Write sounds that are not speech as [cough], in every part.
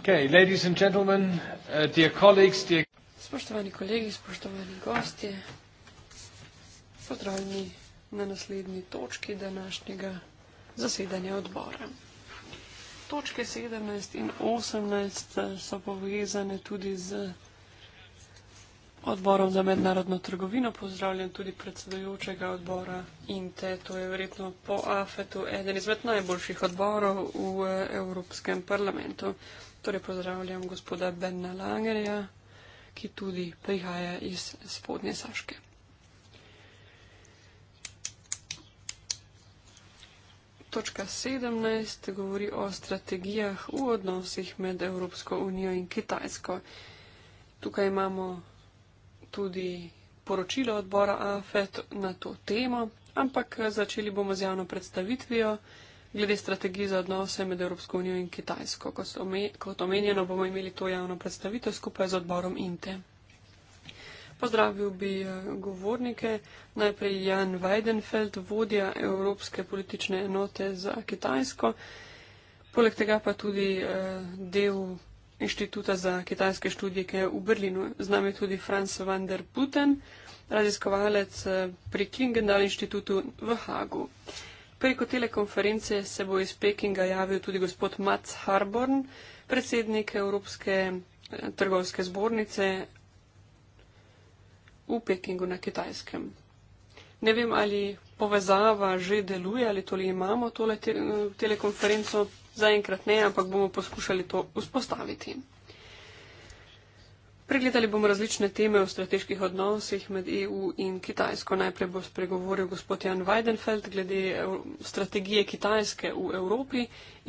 Okay, ladies and gentlemen, uh, dear colleagues, dear... Spoštovani kolegi, spoštovani gostje, pozdravljeni na naslednji točki današnjega zasedanja odbora. Točke 17 in 18 uh, so povezane tudi z odborom za mednarodno trgovino. Pozdravljam tudi predsedujočega odbora INTE. To je verjetno po AFET-u eden izmed najboljših odborov v uh, Evropskem parlamentu. Torej pozdravljam gospoda Benna Langerja, ki tudi prihaja iz spodnje Saške. Točka 17 govori o strategijah v odnosih med Evropsko unijo in Kitajsko. Tukaj imamo tudi poročilo odbora AFET na to temo, ampak začeli bomo z javno predstavitvijo glede strategij za odnose med Evropsko unijo in Kitajsko. Kot omenjeno, bomo imeli to javno predstavitev skupaj z odborom INTE. Pozdravil bi eh, govornike, najprej Jan Weidenfeld, vodja Evropske politične enote za Kitajsko, poleg tega pa tudi eh, del Inštituta za kitajske študije, ki je v Berlinu. Z nami je tudi Franz van der Putten, raziskovalec eh, pri Klingendal inštitutu v Hagu. Preko telekonference se bo iz Pekinga javil tudi gospod Mats Harborn, predsednik Evropske eh, trgovske zbornice v Pekingu na Kitajskem. Ne vem, ali povezava že deluje, ali tole imamo, tole te eh, telekonferenco. Zaenkrat ne, ampak bomo poskušali to vzpostaviti. Pregledali bomo različne teme o strateških odnosih med EU in Kitajsko. Najprej bo spregovoril gospod Jan Weidenfeld glede strategije Kitajske v Evropi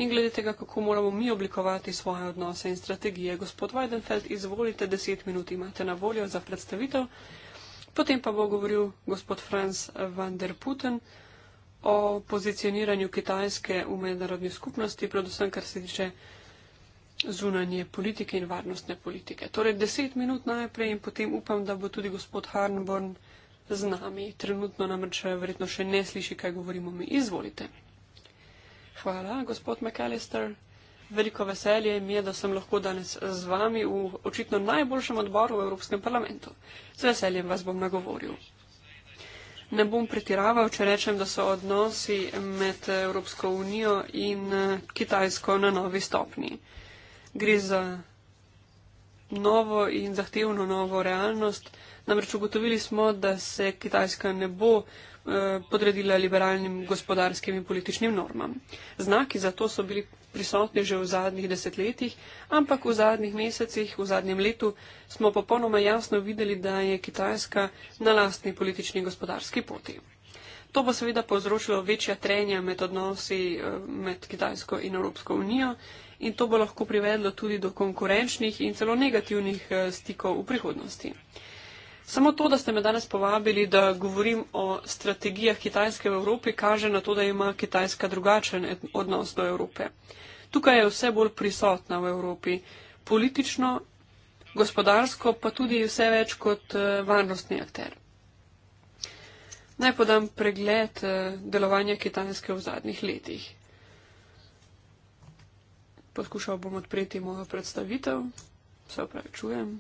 in glede tega, kako moramo mi oblikovati svoje odnose in strategije. Gospod Weidenfeld, izvolite, deset minut imate na voljo za predstavitev. Potem pa bo govoril gospod Franz van der Putten o pozicioniranju Kitajske v mednarodni skupnosti, predvsem kar se tiče zunanje politike in varnostne politike. Torej, deset minut najprej in potem upam, da bo tudi gospod Harnborn z nami. Trenutno namreč eh, verjetno še ne sliši, kaj govorimo mi. Izvolite. Hvala, gospod McAllister. Veliko veselje mi je, da sem lahko danes z vami v očitno najboljšem odboru v Evropskem parlamentu. Z veseljem vas bom nagovoril. Ne bom pretiraval, če rečem, da so odnosi med Evropsko unijo in eh, Kitajsko na novi stopni gre za novo in zahtevno novo realnost. Namreč ugotovili smo, da se Kitajska ne bo eh, podredila liberalnim gospodarskim in političnim normam. Znaki za to so bili prisotni že v zadnjih desetletjih, ampak v zadnjih mesecih, v zadnjem letu smo popolnoma jasno videli, da je Kitajska na lastni politični in gospodarski poti. To bo seveda povzročilo večja trenja med odnosi eh, med Kitajsko in Evropsko unijo in to bo lahko privedlo tudi do konkurenčnih in celo negativnih eh, stikov v prihodnosti. Samo to, da ste me danes povabili, da govorim o strategijah Kitajske v Evropi, kaže na to, da ima Kitajska drugačen odnos do Evrope. Tukaj je vse bolj prisotna v Evropi, politično, gospodarsko, pa tudi vse več kot eh, varnostni akter. Naj podam pregled eh, delovanja Kitajske v zadnjih letih poskušal bom odpreti mojo predstavitev. Se opravičujem.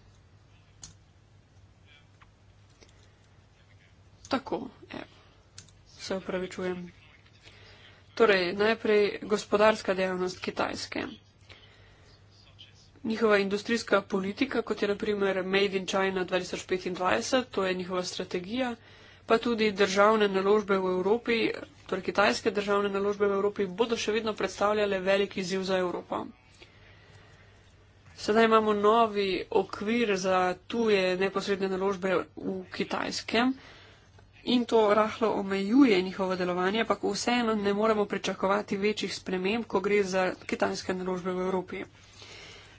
Tako, evo. Ja. Se opravičujem. Torej, najprej gospodarska dejavnost Kitajske. Njihova industrijska politika, kot je naprimer Made in China 2025, to je njihova strategija, pa tudi državne naložbe v Evropi, torej kitajske državne naložbe v Evropi, bodo še vedno predstavljale veliki ziv za Evropo. Sedaj imamo novi okvir za tuje neposredne naložbe v kitajskem in to rahlo omejuje njihovo delovanje, ampak vseeno ne moremo pričakovati večjih sprememb, ko gre za kitajske naložbe v Evropi.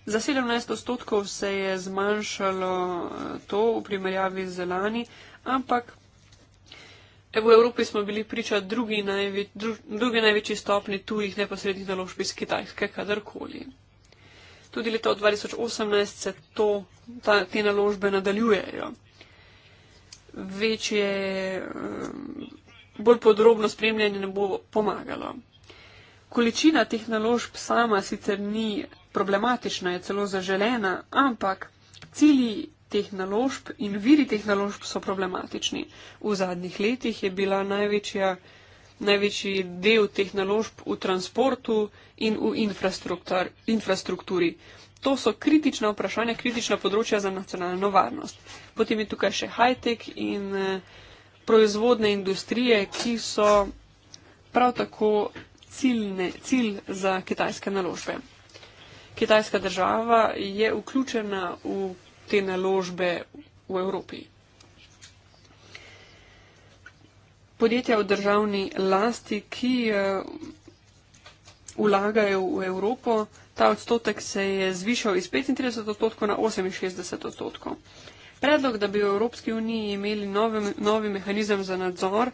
Za 17 odstotkov se je zmanjšalo to v primerjavi z lani, ampak V Evropi smo bili priča drugi, največ, dru, drugi največji stopni tujih neposrednih naložb iz Kitajske, kadarkoli. Tudi leta 2018 se to, ta, te naložbe nadaljujejo. Večje, bolj podrobno spremljanje ne bo pomagalo. Količina teh naložb sama sicer ni problematična, je celo zaželena, ampak cilji teh naložb in viri teh naložb so problematični. V zadnjih letih je bila največja, največji del teh naložb v transportu in v infrastrukturi. To so kritična vprašanja, kritična področja za nacionalno varnost. Potem je tukaj še high-tech in eh, proizvodne industrije, ki so prav tako ciljne, cilj za kitajske naložbe. Kitajska država je vključena v te naložbe v Evropi. Podjetja v državni lasti, ki ulagajo eh, v Evropo, ta odstotek se je zvišal iz 35 odstotkov na 68 odstotkov. Predlog, da bi v Evropski uniji imeli nove, novi mehanizem za nadzor,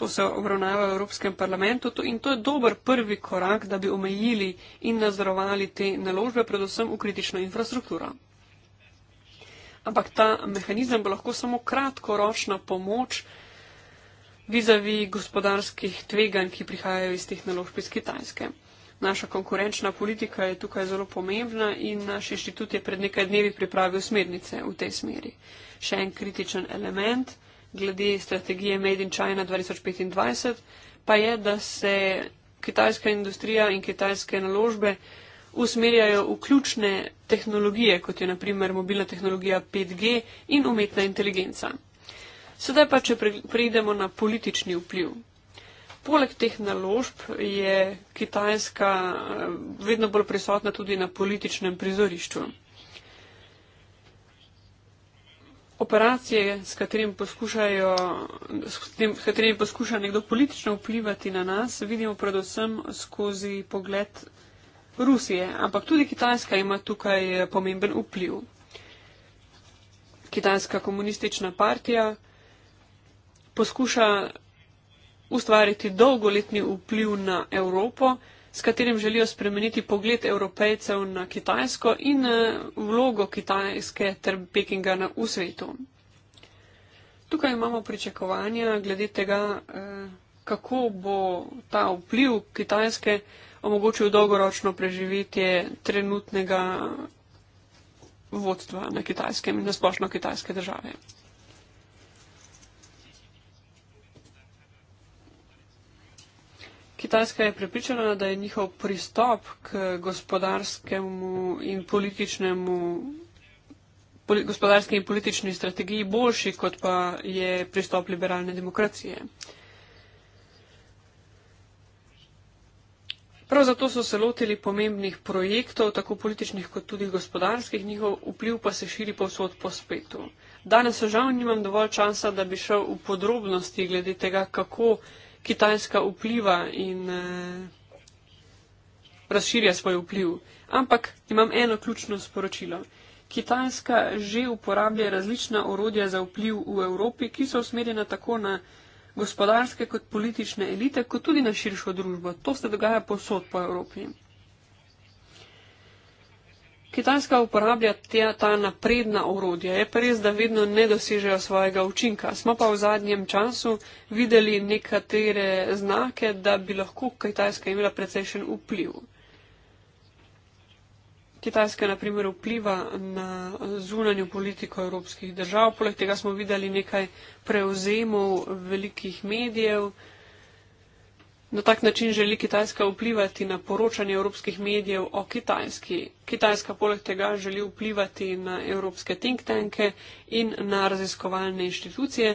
to se obravnava v Evropskem parlamentu to, in to je dober prvi korak, da bi omejili in nadzorovali te naložbe, predvsem v kritično infrastrukturo ampak ta mehanizem bo lahko samo kratkoročna pomoč vizavi gospodarskih tveganj, ki prihajajo iz teh naložb iz Kitajske. Naša konkurenčna politika je tukaj zelo pomembna in naš inštitut je pred nekaj dnevi pripravil smernice v tej smeri. Še en kritičen element glede strategije Made in China 2025 pa je, da se kitajska industrija in kitajske naložbe usmerjajo v ključne tehnologije, kot je naprimer mobilna tehnologija 5G in umetna inteligenca. Sedaj pa, če prejdemo na politični vpliv. Poleg teh naložb je Kitajska eh, vedno bolj prisotna tudi na političnem prizorišču. Operacije, s katerimi poskušajo, katerim poskuša nekdo politično vplivati na nas, vidimo predvsem skozi pogled Rusije, ampak tudi Kitajska ima tukaj eh, pomemben vpliv. Kitajska komunistična partija poskuša ustvariti dolgoletni vpliv na Evropo, s katerim želijo spremeniti pogled evropejcev na Kitajsko in eh, vlogo Kitajske ter Pekinga na v svetu. Tukaj imamo pričakovanja glede tega, eh, kako bo ta vpliv Kitajske omogočil dolgoročno preživetje trenutnega vodstva na kitajskem in na splošno kitajske države. Kitajska je pripričana, da je njihov pristop k gospodarskemu in političnemu gospodarski in politični strategiji boljši, kot pa je pristop liberalne demokracije. Prav zato so se lotili pomembnih projektov, tako političnih kot tudi gospodarskih, njihov vpliv pa se širi povsod po spetu. Danes žal nimam dovolj časa, da bi šel v podrobnosti glede tega, kako Kitajska vpliva in eh, razširja svoj vpliv. Ampak imam eno ključno sporočilo. Kitajska že uporablja različna orodja za vpliv v Evropi, ki so usmerjena tako na gospodarske kot politične elite, kot tudi na širšo družbo. To se dogaja posod po Evropi. Kitajska uporablja te, ta napredna orodja, je pa res, da vedno ne dosežejo svojega učinka. Smo pa v zadnjem času videli nekatere znake, da bi lahko Kitajska imela precejšen vpliv. Kitajska naprimer vpliva na zunanjo politiko evropskih držav. Poleg tega smo videli nekaj prevzemov velikih medijev. Na tak način želi Kitajska vplivati na poročanje evropskih medijev o Kitajski. Kitajska poleg tega želi vplivati na evropske think tanke in na raziskovalne inštitucije,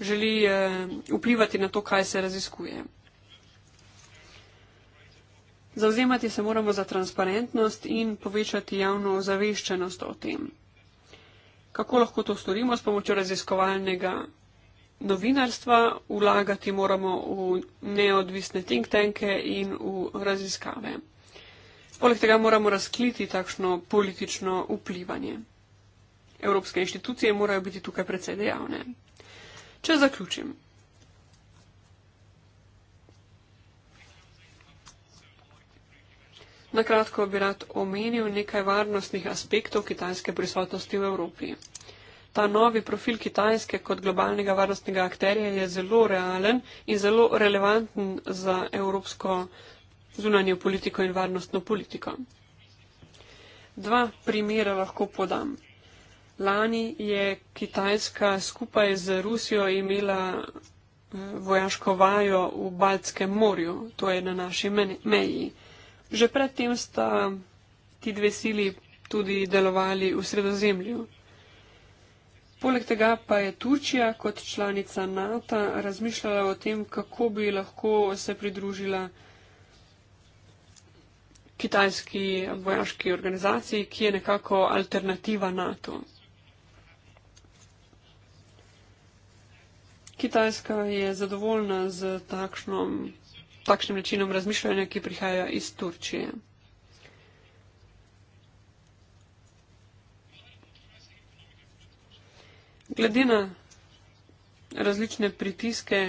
želi eh, vplivati na to, kaj se raziskuje. Zauzemati se moramo za transparentnost in povečati javno ozaveščenost o tem. Kako lahko to storimo s pomočjo raziskovalnega novinarstva? Vlagati moramo v neodvisne think tanke in v raziskave. Poleg tega moramo razkliti takšno politično vplivanje. Evropske inštitucije morajo biti tukaj predvsej dejavne. Če zaključim. Na kratko bi rad omenil nekaj varnostnih aspektov kitajske prisotnosti v Evropi. Ta novi profil Kitajske kot globalnega varnostnega akterja je zelo realen in zelo relevanten za evropsko zunanjo politiko in varnostno politiko. Dva primera lahko podam. Lani je Kitajska skupaj z Rusijo imela eh, vojaško vajo v Baltskem morju, to je na naši meji. Že predtem sta ti dve sili tudi delovali v sredozemlju. Poleg tega pa je Turčija kot članica NATO razmišljala o tem, kako bi lahko se pridružila kitajski vojaški organizaciji, ki je nekako alternativa NATO. Kitajska je zadovoljna z takšnom takšnim načinom razmišljanja, ki prihajajo iz Turčije. Glede na različne pritiske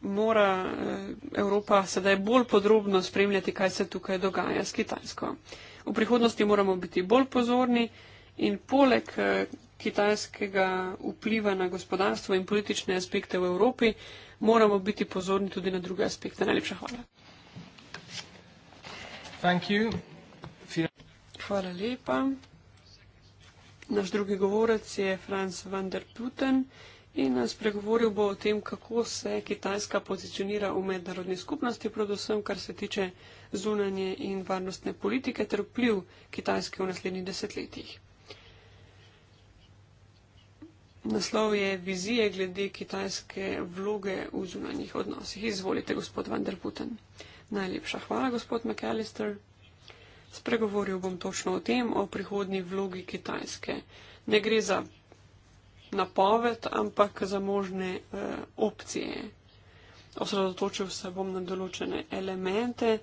mora eh, Evropa sedaj bolj podrobno spremljati, kaj se tukaj dogaja s Kitajsko. V prihodnosti moramo biti bolj pozorni in poleg eh, kitajskega vpliva na gospodarstvo in politične aspekte v Evropi, moramo biti pozorni tudi na druge aspekte. Najlepša hvala. Hvala lepa. Naš drugi govorec je Franz van der Putten in nas pregovoril bo o tem, kako se Kitajska pozicionira v mednarodni skupnosti, predvsem kar se tiče zunanje in varnostne politike ter vpliv Kitajske v naslednjih desetletjih. Naslov je vizije glede kitajske vloge v zunanjih odnosih. Izvolite, gospod Van der Putten. Najlepša hvala, gospod McAllister. Spregovoril bom točno o tem, o prihodni vlogi Kitajske. Ne gre za napoved, ampak za možne eh, opcije. Osredotočil se bom na določene elemente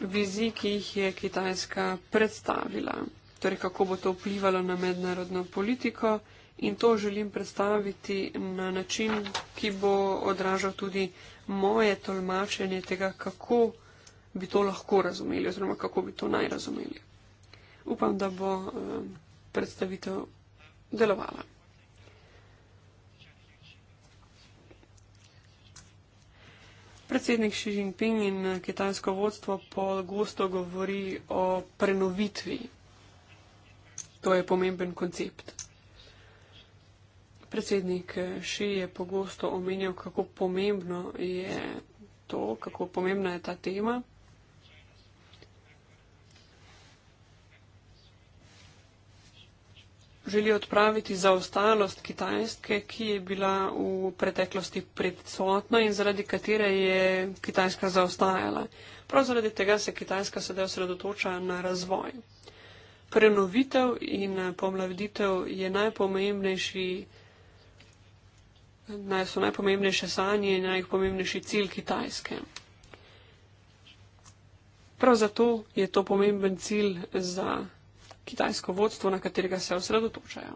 vizij, ki jih je Kitajska predstavila torej kako bo to vplivalo na mednarodno politiko in to želim predstaviti na način, ki bo odražal tudi moje tolmačenje tega, kako bi to lahko razumeli oziroma kako bi to najrazumeli. Upam, da bo eh, predstavitev delovala. Predsednik Xi Jinping in eh, kitajsko vodstvo pogosto govori o prenovitvi To je pomemben koncept. Predsednik eh, Ši je pogosto omenjal, kako pomembno je to, kako pomembna je ta tema. Želi odpraviti zaostalost Kitajske, ki je bila v preteklosti predsotna in zaradi katere je Kitajska zaostajala. Prav zaradi tega se Kitajska sedaj osredotoča na razvoj prenovitev in eh, pomladitev je najpomembnejši, naj so najpomembnejše sanje in najpomembnejši cilj Kitajske. Prav zato je to pomemben cilj za kitajsko vodstvo, na katerega se osredotočajo.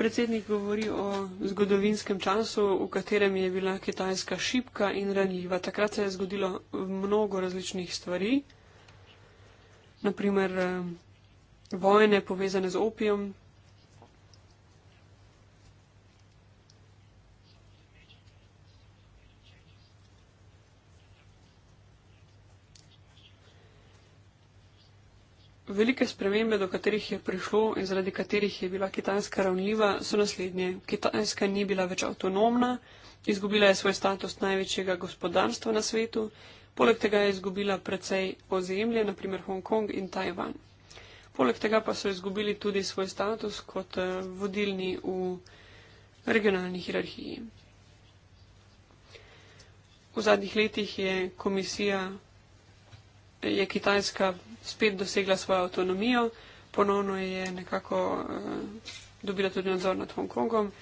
Predsednik govori o zgodovinskem času, v katerem je bila Kitajska šipka in ranljiva. Takrat se je zgodilo mnogo različnih stvari, naprimer eh, vojne povezane z opijem, Velike spremembe, do katerih je prišlo in zaradi katerih je bila Kitajska ravnljiva, so naslednje. Kitajska ni bila več avtonomna, izgubila je svoj status največjega gospodarstva na svetu, poleg tega je izgubila precej ozemlje, naprimer Hongkong in Tajvan. Poleg tega pa so izgubili tudi svoj status kot eh, vodilni v regionalni hierarhiji. V zadnjih letih je komisija je Kitajska spet dosegla svojo avtonomijo, ponovno je nekako uh, dobila tudi nadzor nad Hongkongom,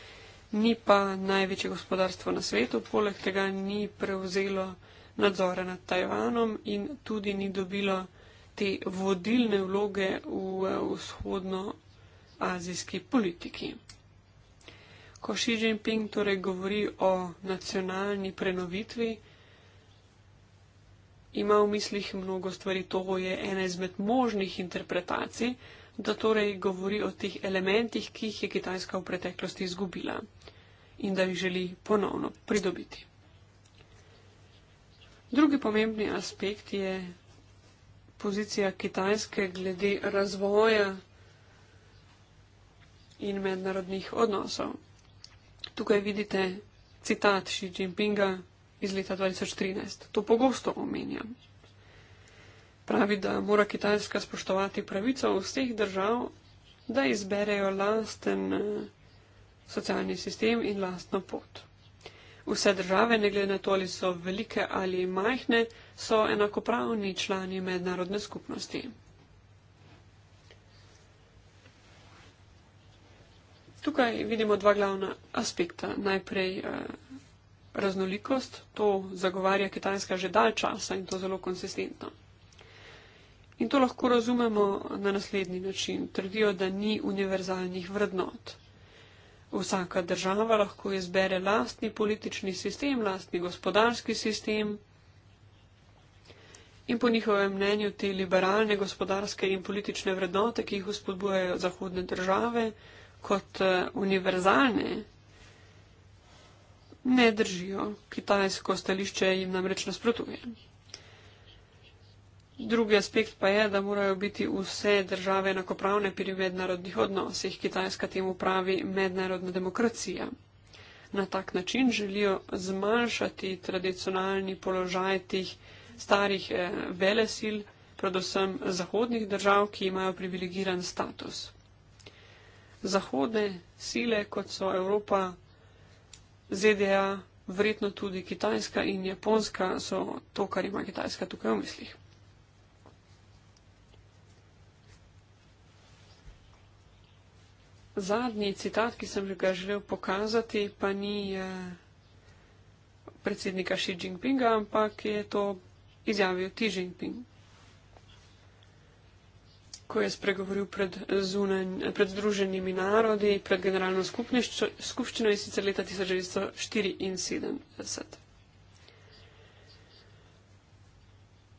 ni pa največje gospodarstvo na svetu, poleg tega ni prevzelo nadzora nad Tajvanom in tudi ni dobilo te vodilne vloge v eh, vzhodnoazijski politiki. Ko Xi Jinping torej govori o nacionalni prenovitvi, ima v mislih mnogo stvari, to je ena izmed možnih interpretacij, da torej govori o teh elementih, ki jih je Kitajska v preteklosti izgubila in da jih želi ponovno pridobiti. Drugi pomembni aspekt je pozicija Kitajske glede razvoja in mednarodnih odnosov. Tukaj vidite citat Xi Jinpinga, iz leta 2013. To pogosto omenjam. Pravi, da mora Kitajska spoštovati pravico vseh držav, da izberejo lasten eh, socialni sistem in lastno pot. Vse države, ne glede na to, ali so velike ali majhne, so enakopravni člani mednarodne skupnosti. Tukaj vidimo dva glavna aspekta. Najprej eh, raznolikost, to zagovarja Kitajska že dalj časa in to zelo konsistentno. In to lahko razumemo na naslednji način. Trdijo, da ni univerzalnih vrednot. Vsaka država lahko izbere lastni politični sistem, lastni gospodarski sistem in po njihovem mnenju te liberalne gospodarske in politične vrednote, ki jih uspodbujajo zahodne države, kot eh, univerzalne ne držijo. Kitajsko stališče jim namreč nasprotuje. Drugi aspekt pa je, da morajo biti vse države enakopravne pri mednarodnih odnosih. Kitajska temu pravi mednarodna demokracija. Na tak način želijo zmanjšati tradicionalni položaj tih starih eh, velesil, predvsem zahodnih držav, ki imajo privilegiran status. Zahodne sile, kot so Evropa, ZDA, verjetno tudi Kitajska in Japonska so to, kar ima Kitajska tukaj v mislih. Zadnji citat, ki sem ga želel pokazati, pa ni eh, predsednika Xi Jinpinga, ampak je to izjavil Xi Jinping ko je spregovoril pred, zunen, pred Združenimi narodi, pred Generalno skupščino in sicer leta 1974.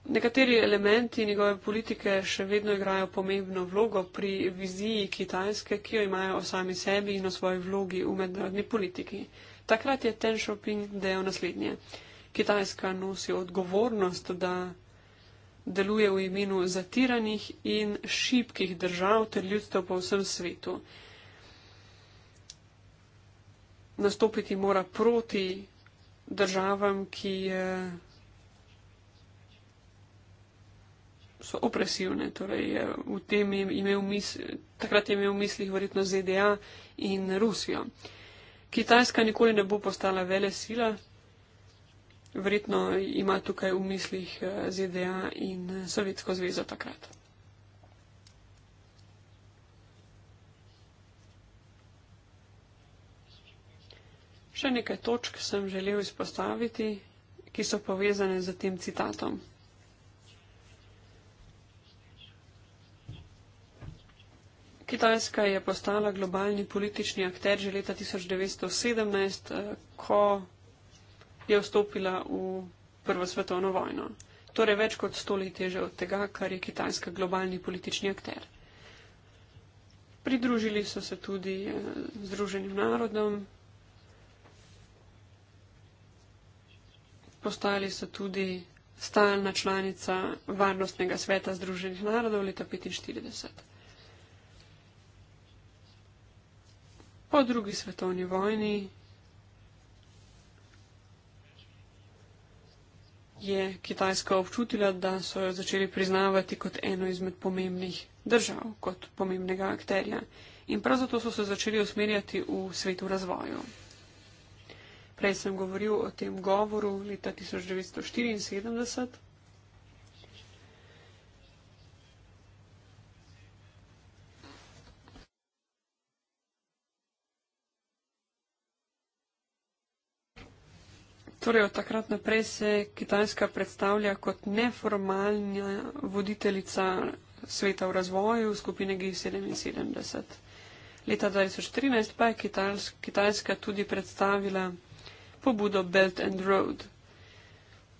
Nekateri elementi njegove politike še vedno igrajo pomembno vlogo pri viziji Kitajske, ki jo imajo o sami sebi in o svoji vlogi v mednarodni politiki. Takrat je Ten Shopping dejal naslednje. Kitajska nosi odgovornost, da deluje v imenu zatiranih in šibkih držav ter ljudstev po vsem svetu. Nastopiti mora proti državam, ki so opresivne. Torej, v tem je imel misli, takrat je imel v mislih verjetno ZDA in Rusijo. Kitajska nikoli ne bo postala vele sila, Verjetno ima tukaj v mislih eh, ZDA in eh, Sovjetsko zvezo takrat. Še nekaj točk sem želel izpostaviti, ki so povezane z tem citatom. Kitajska je postala globalni politični akter že leta 1917, eh, ko je vstopila v Prvo svetovno vojno. Torej več kot stoletje že od tega, kar je Kitajska globalni politični akter. Pridružili so se tudi eh, Združenim narodom, postali so tudi stalna članica Varnostnega sveta Združenih narodov leta 1945. Po drugi svetovni vojni je Kitajska občutila, da so jo začeli priznavati kot eno izmed pomembnih držav, kot pomembnega akterja. In prav zato so se začeli usmerjati v svetu razvoju. Prej sem govoril o tem govoru leta 1974. Torej, od takrat naprej se Kitajska predstavlja kot neformalna voditeljica sveta v razvoju skupine G77. Leta 2013 pa je Kitajska tudi predstavila pobudo Belt and Road.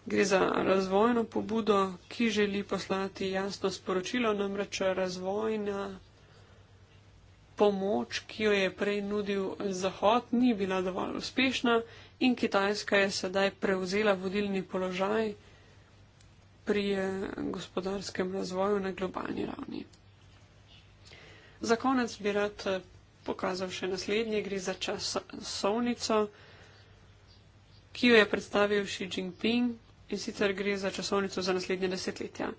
Gre za razvojno pobudo, ki želi poslati jasno sporočilo, namreč razvojna pomoč, ki jo je prej nudil Zahod, ni bila dovolj uspešna in Kitajska je sedaj prevzela vodilni položaj pri eh, gospodarskem razvoju na globalni ravni. Za konec bi rad eh, pokazal še naslednje, gre za časovnico, ki jo je predstavil Xi Jinping in sicer gre za časovnico za naslednje desetletja.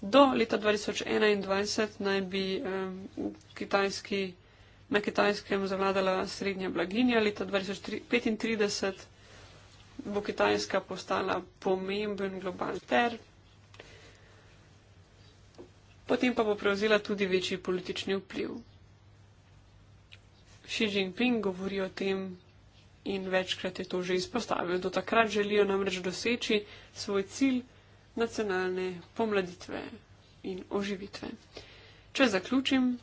Do leta 2021 naj bi um, kitajski na Kitajskem zavladala srednja blaginja, leta 2035 bo Kitajska postala pomemben globalni ter, potem pa bo prevzela tudi večji politični vpliv. Xi Jinping govori o tem in večkrat je to že izpostavil. Do takrat želijo namreč doseči svoj cilj nacionalne pomladitve in oživitve. Če zaključim,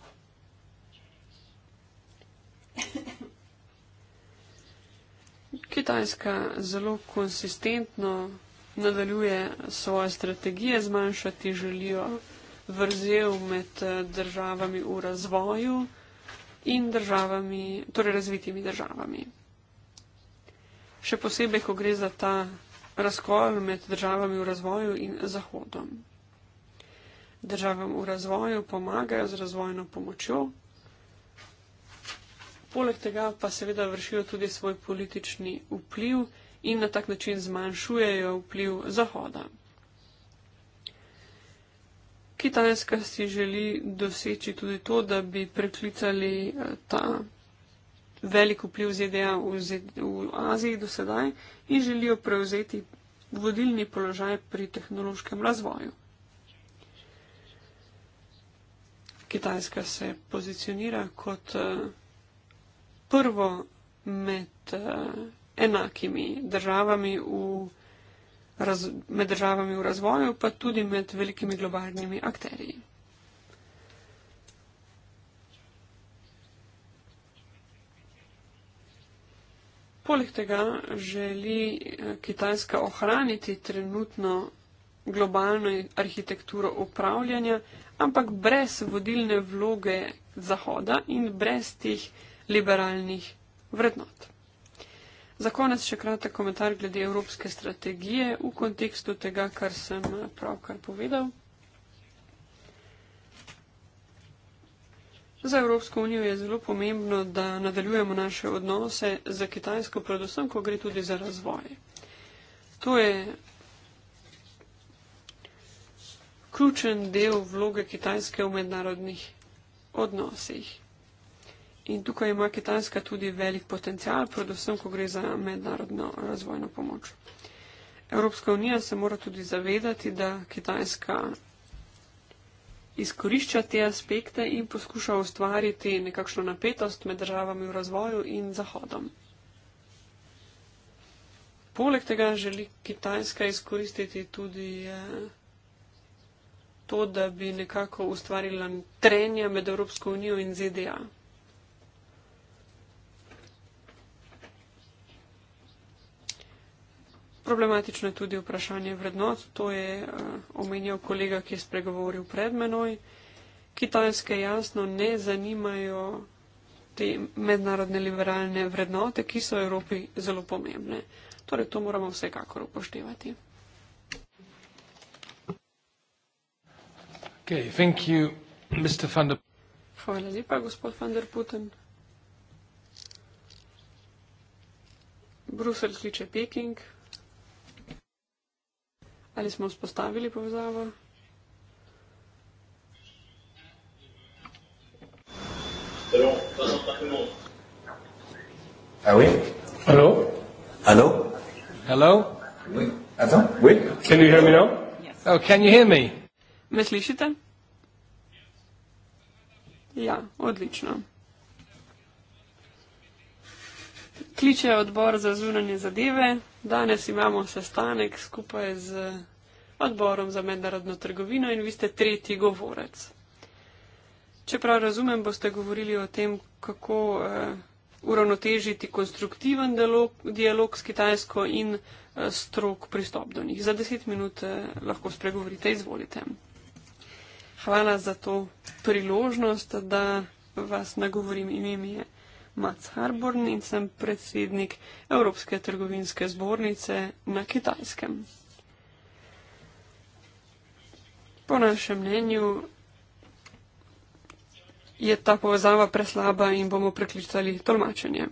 Kitajska zelo konsistentno nadaljuje svoje strategije zmanjšati, želijo vrzel med eh, državami v razvoju in državami, torej razvitimi državami. Še posebej, ko gre za ta razkol med državami v razvoju in Zahodom. Državam v razvoju pomagajo z razvojno pomočjo, poleg tega pa seveda vršijo tudi svoj politični vpliv in na tak način zmanjšujejo vpliv Zahoda. Kitajska si želi doseči tudi to, da bi preklicali eh, ta velik vpliv ZDA v, Z, v Aziji do sedaj in želijo prevzeti vodilni položaj pri tehnološkem razvoju. Kitajska se pozicionira kot uh, prvo med uh, enakimi državami v, raz, med državami v razvoju, pa tudi med velikimi globalnimi akterji. Poleg tega želi eh, Kitajska ohraniti trenutno globalno arhitekturo upravljanja, ampak brez vodilne vloge Zahoda in brez tih liberalnih vrednot. Za konec še kratek komentar glede evropske strategije v kontekstu tega, kar sem pravkar povedal. Za Evropsko unijo je zelo pomembno, da nadaljujemo naše odnose za Kitajsko, predvsem, ko gre tudi za razvoj. To je ključen del vloge Kitajske v mednarodnih odnosih. In tukaj ima Kitajska tudi velik potencial, predvsem, ko gre za mednarodno razvojno pomoč. Evropska unija se mora tudi zavedati, da Kitajska izkorišča te aspekte in poskuša ustvariti nekakšno napetost med državami v razvoju in Zahodom. Poleg tega želi Kitajska izkoristiti tudi eh, to, da bi nekako ustvarila trenja med Evropsko unijo in ZDA. Problematično je tudi vprašanje vrednot, to je eh, omenjal kolega, ki je spregovoril pred menoj. Kitajske jasno ne zanimajo te mednarodne liberalne vrednote, ki so v Evropi zelo pomembne. Torej, to moramo vsekakor upoštevati. Okay, thank you, Mr. Van der... Hvala lepa, gospod van der Putin. Bruselj kliče Peking. Ali smo vzpostavili povezavo? Ah oui? Hello? Hello? Hello? Oui? Attends, oui? Can you hear me now? Yes. Oh, can you hear me? Me slišite? Ja, odlično. kličejo odbor za zunanje zadeve. Danes imamo sestanek skupaj z odborom za mednarodno trgovino in vi ste tretji govorec. Čeprav razumem, boste govorili o tem, kako uh, uravnotežiti konstruktiven dialog, dialog s Kitajsko in uh, strok pristop do njih. Za deset minut uh, lahko spregovorite, izvolite. Hvala za to priložnost, da vas nagovorim in imi je. Mats Harborn in sem predsednik Evropske trgovinske zbornice na Kitajskem. Po našem mnenju je ta povezava preslaba in bomo preklicali tolmačenje.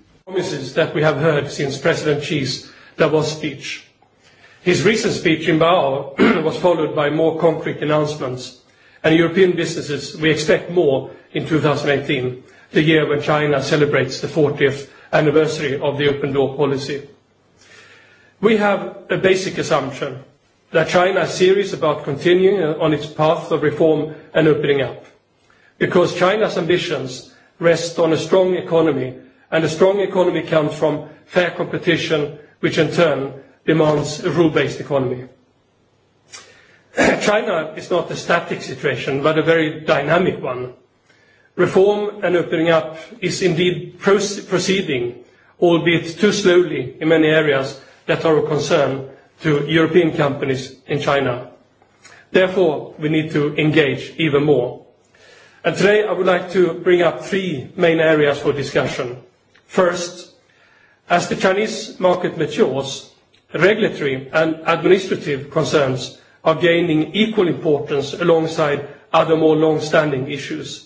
His recent speech in Bao [clears throat] was followed by more concrete announcements and European businesses we expect more in 2018 the year when China celebrates the 40th anniversary of the open door policy. We have a basic assumption that China is serious about continuing on its path of reform and opening up, because China's ambitions rest on a strong economy, and a strong economy comes from fair competition, which in turn demands a rule-based economy. [clears throat] China is not a static situation, but a very dynamic one. Reform and opening up is indeed proceeding, albeit too slowly in many areas that are a concern to European companies in China. Therefore, we need to engage even more. Today, I would like to bring up three main areas for discussion. First, as the Chinese market matures, regulatory and administrative concerns are gaining equal importance alongside other more long-standing issues.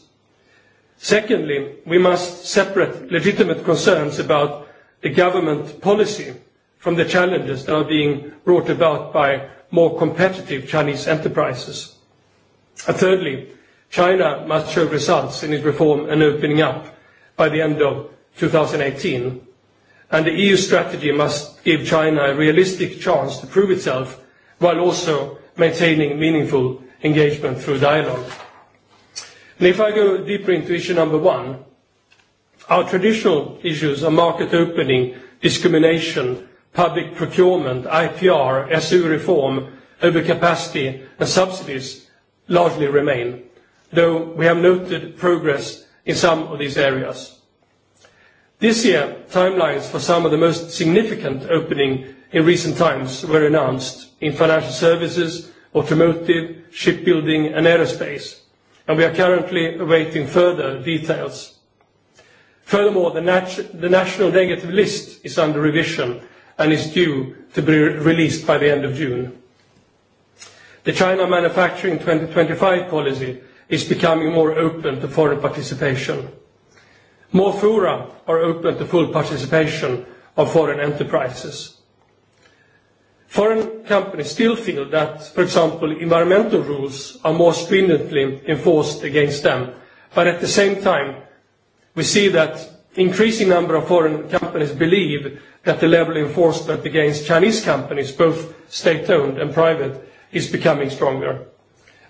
Secondly, we must separate legitimate concerns about the government policy from the challenges that are being brought about by more competitive Chinese enterprises. Thirdly, China must show results in its reform and opening up by the end of 2018. The EU strategy must give China a realistic chance to prove itself while also maintaining meaningful engagement through dialogue. And if I go deeper into issue number one, our traditional issues are market opening, discrimination, public procurement, IPR, SU reform, overcapacity and subsidies largely remain, though we have noted progress in some of these areas. This year, timelines for some of the most significant opening in recent times were announced in financial services, automotive, shipbuilding and aerospace and we are currently awaiting further details. Furthermore, the national negative list is under revision and is due to be released by the end of June. The China Manufacturing 2025 policy is becoming more open to foreign participation. More fora are open to full participation of foreign enterprises. Foreign companies still feel that, for example, environmental rules are more stringently enforced against them. At the same time, we see that increasing number of foreign companies believe that the level enforcement against Chinese companies, both state-owned and private, is becoming stronger.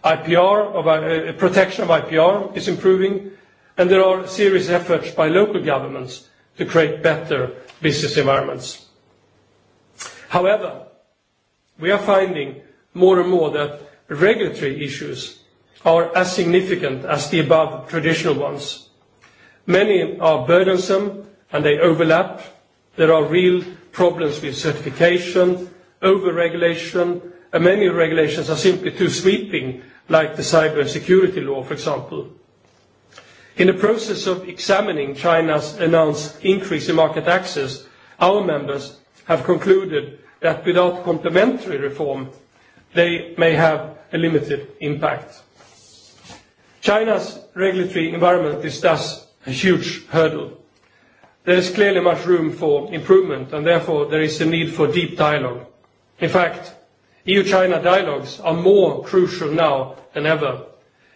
Uh, uh, protection of IPR is improving, and there are serious efforts by local governments to create better business environments. However, we are finding more and more that regulatory issues are as significant as the above traditional ones. Many are burdensome, and they overlap. There are real problems with certification, over-regulation, and many regulations are simply too sweeping, like the cybersecurity law, for example. In the process of examining China's announced increase in market access, our members have concluded that without complementary reform, they may have a limited impact. China's regulatory environment is thus a huge hurdle. There is clearly much room for improvement, and therefore there is a need for deep dialogue. In fact, EU-China dialogues are more crucial now than ever.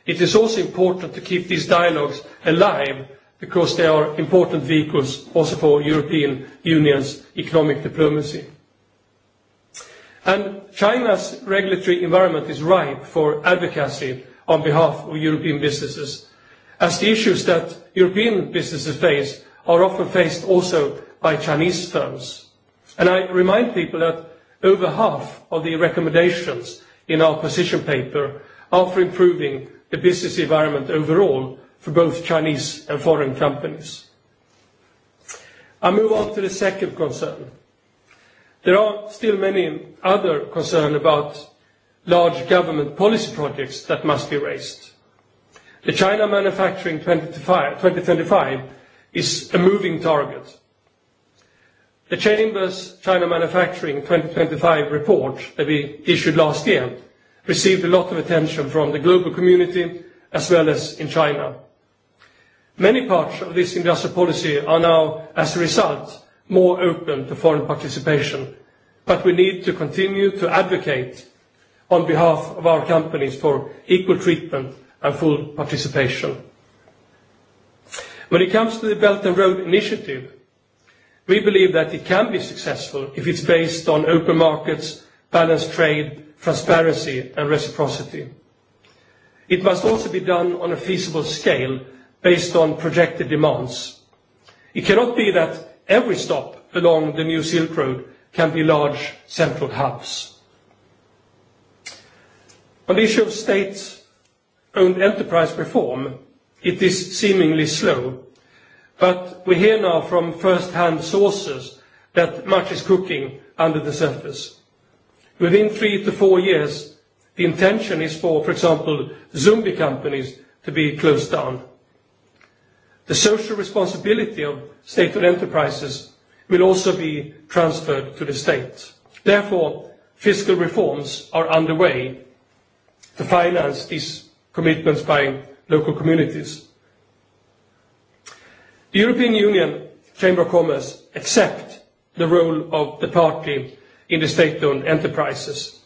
It is also important to keep these dialogues alive because they are important vehicles also for European Union's economic diplomacy. China's regulatory environment is ripe for advocacy on behalf of European businesses, as the issues that European businesses face are often faced also by Chinese firms. I remind people that over half of the recommendations in our position paper are for improving the business environment overall for both Chinese and foreign companies. I move on to the second concern, There are still many other concern about large government policy projects that must be raised. The China Manufacturing 2025 is a moving target. The Chamber's China Manufacturing 2025 report that we issued last year received a lot of attention from the global community as well as in China. Many parts of this industrial policy are now, as a result, more open to foreign participation, but we need to continue to advocate on behalf of our companies for equal treatment and full participation. When it comes to the Belt and Road Initiative, we believe that it can be successful if it's based on open markets, balanced trade, transparency, and reciprocity. It must also be done on a feasible scale based on projected demands. It cannot be that every stop along the new Silk Road can be large central hubs. On the issue of state-owned enterprise reform, it is seemingly slow, but we hear now from first-hand sources that much is cooking under the surface. Within three to four years, the intention is for example, Zombie companies to be closed down. The social responsibility of state-owned enterprises will also be transferred to the state. Therefore, fiscal reforms are underway to finance these commitments by local communities. The European Union Chamber of Commerce accept the role of the party in the state-owned enterprises,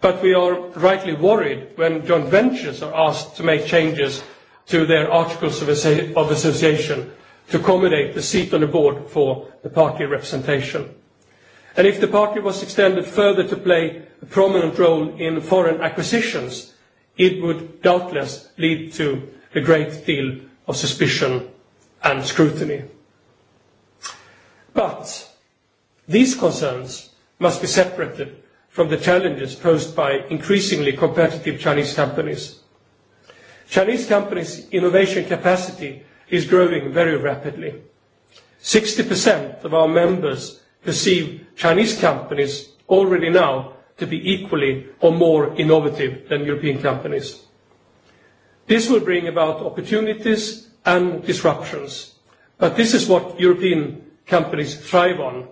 but we are rightly worried when joint ventures are asked to make changes to their articles of, asso- of association to accommodate the seat on the board for the party representation. And if the party was extended further to play a prominent role in foreign acquisitions, it would doubtless lead to a great deal of suspicion and scrutiny. But these concerns must be separated from the challenges posed by increasingly competitive Chinese companies. Chinese companies' innovation capacity is growing very rapidly. 60% of our members perceive Chinese companies already now to be equally or more innovative than European companies. This will bring about opportunities and disruptions, but this is what European companies thrive on.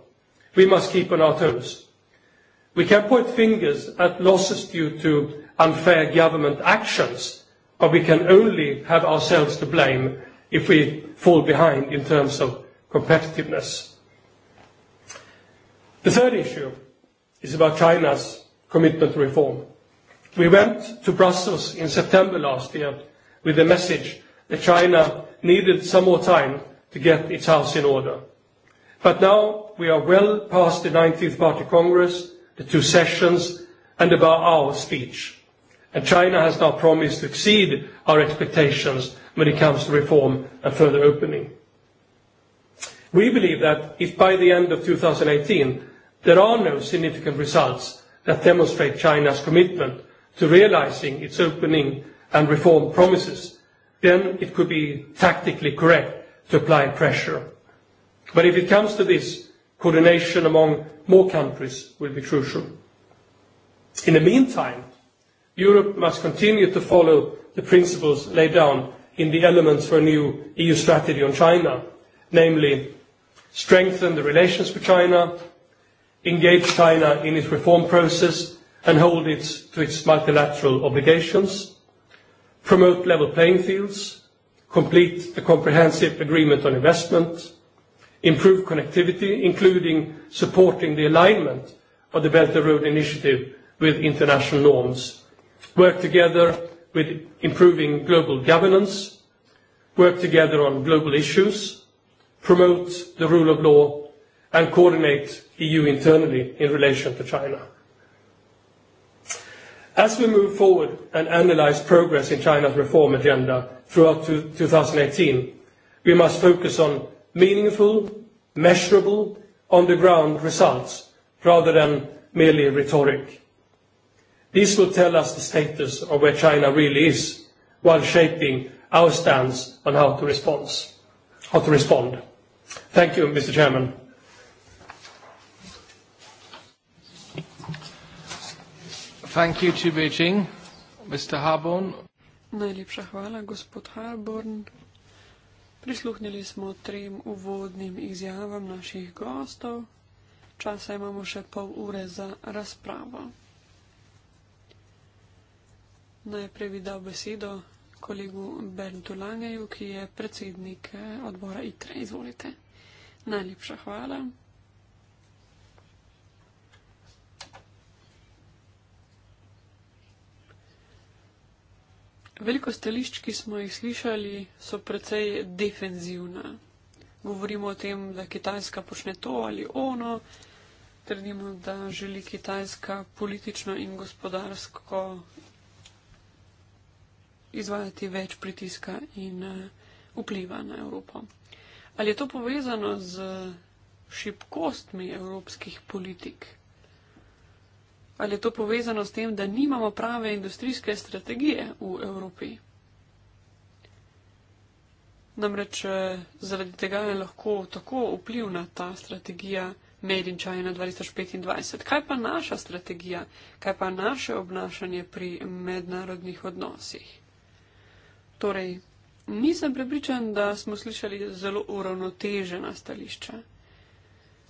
We must keep on our toes. We can't point fingers at losses due to unfair government actions, but we can only have ourselves to blame if we fall behind in terms of competitiveness. The third issue is about China's commitment to reform. We went to Brussels in September last year with the message that China needed some more time to get its house in order. Now we are well past the 19th Party Congress, the two sessions, and about our speech. China has now promised to exceed our expectations when it comes to reform and further opening. We believe that if by the end of 2018, there are no significant results that demonstrate China's commitment to realizing its opening and reform promises, then it could be tactically correct to apply pressure. If it comes to this, coordination among more countries will be crucial. In the meantime, Europe must continue to follow the principles laid down in the elements for a new EU strategy on China, namely strengthen the relations with China, engage China in its reform process and hold it to its multilateral obligations, promote level playing fields, complete the comprehensive agreement on investment, improve connectivity, including supporting the alignment of the Belt and Road Initiative with international norms, work together with improving global governance, work together on global issues, promote the rule of law, and coordinate EU internally in relation to China. As we move forward and analyze progress in China's reform agenda throughout 2018, we must focus on meaningful, measurable, on-the-ground results rather than merely rhetoric. This will tell us the status of where China really is, while shaping our stance on how to respond. How to respond. Thank you, Mr. Chairman. Thank you to Beijing. Mr. Harborn. Najlepša hvala, gospod Harborn. Prisluhnili smo trem uvodnim izjavam naših gostov. Časa imamo še pol ure za razpravo. Najprej bi dal besedo kolegu Bernu Langeju, ki je predsednik eh, odbora ITRE. Izvolite. Najlepša hvala. Veliko stališč, ki smo jih slišali, so precej defenzivna. Govorimo o tem, da Kitajska počne to ali ono, trdimo, da želi Kitajska politično in gospodarsko izvajati več pritiska in eh, vpliva na Evropo. Ali je to povezano z šibkostmi evropskih politik? Ali je to povezano s tem, da nimamo prave industrijske strategije v Evropi? Namreč eh, zaradi tega je lahko tako vplivna ta strategija Made in China 2025. Kaj pa naša strategija, kaj pa naše obnašanje pri mednarodnih odnosih? Torej, nisem prepričan, da smo slišali zelo uravnotežena stališča.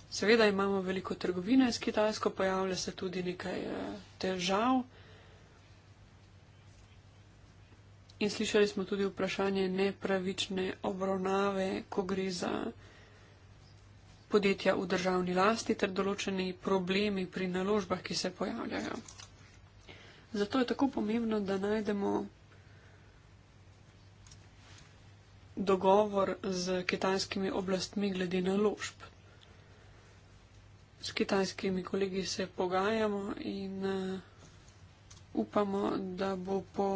Seveda imamo veliko trgovine s Kitajsko, pojavlja se tudi nekaj eh, težav. In slišali smo tudi vprašanje nepravične obravnave, ko gre za podjetja v državni lasti ter določeni problemi pri naložbah, ki se pojavljajo. Zato je tako pomembno, da najdemo dogovor z kitajskimi oblastmi glede naložb. S kitajskimi kolegi se pogajamo in uh, upamo, da bo po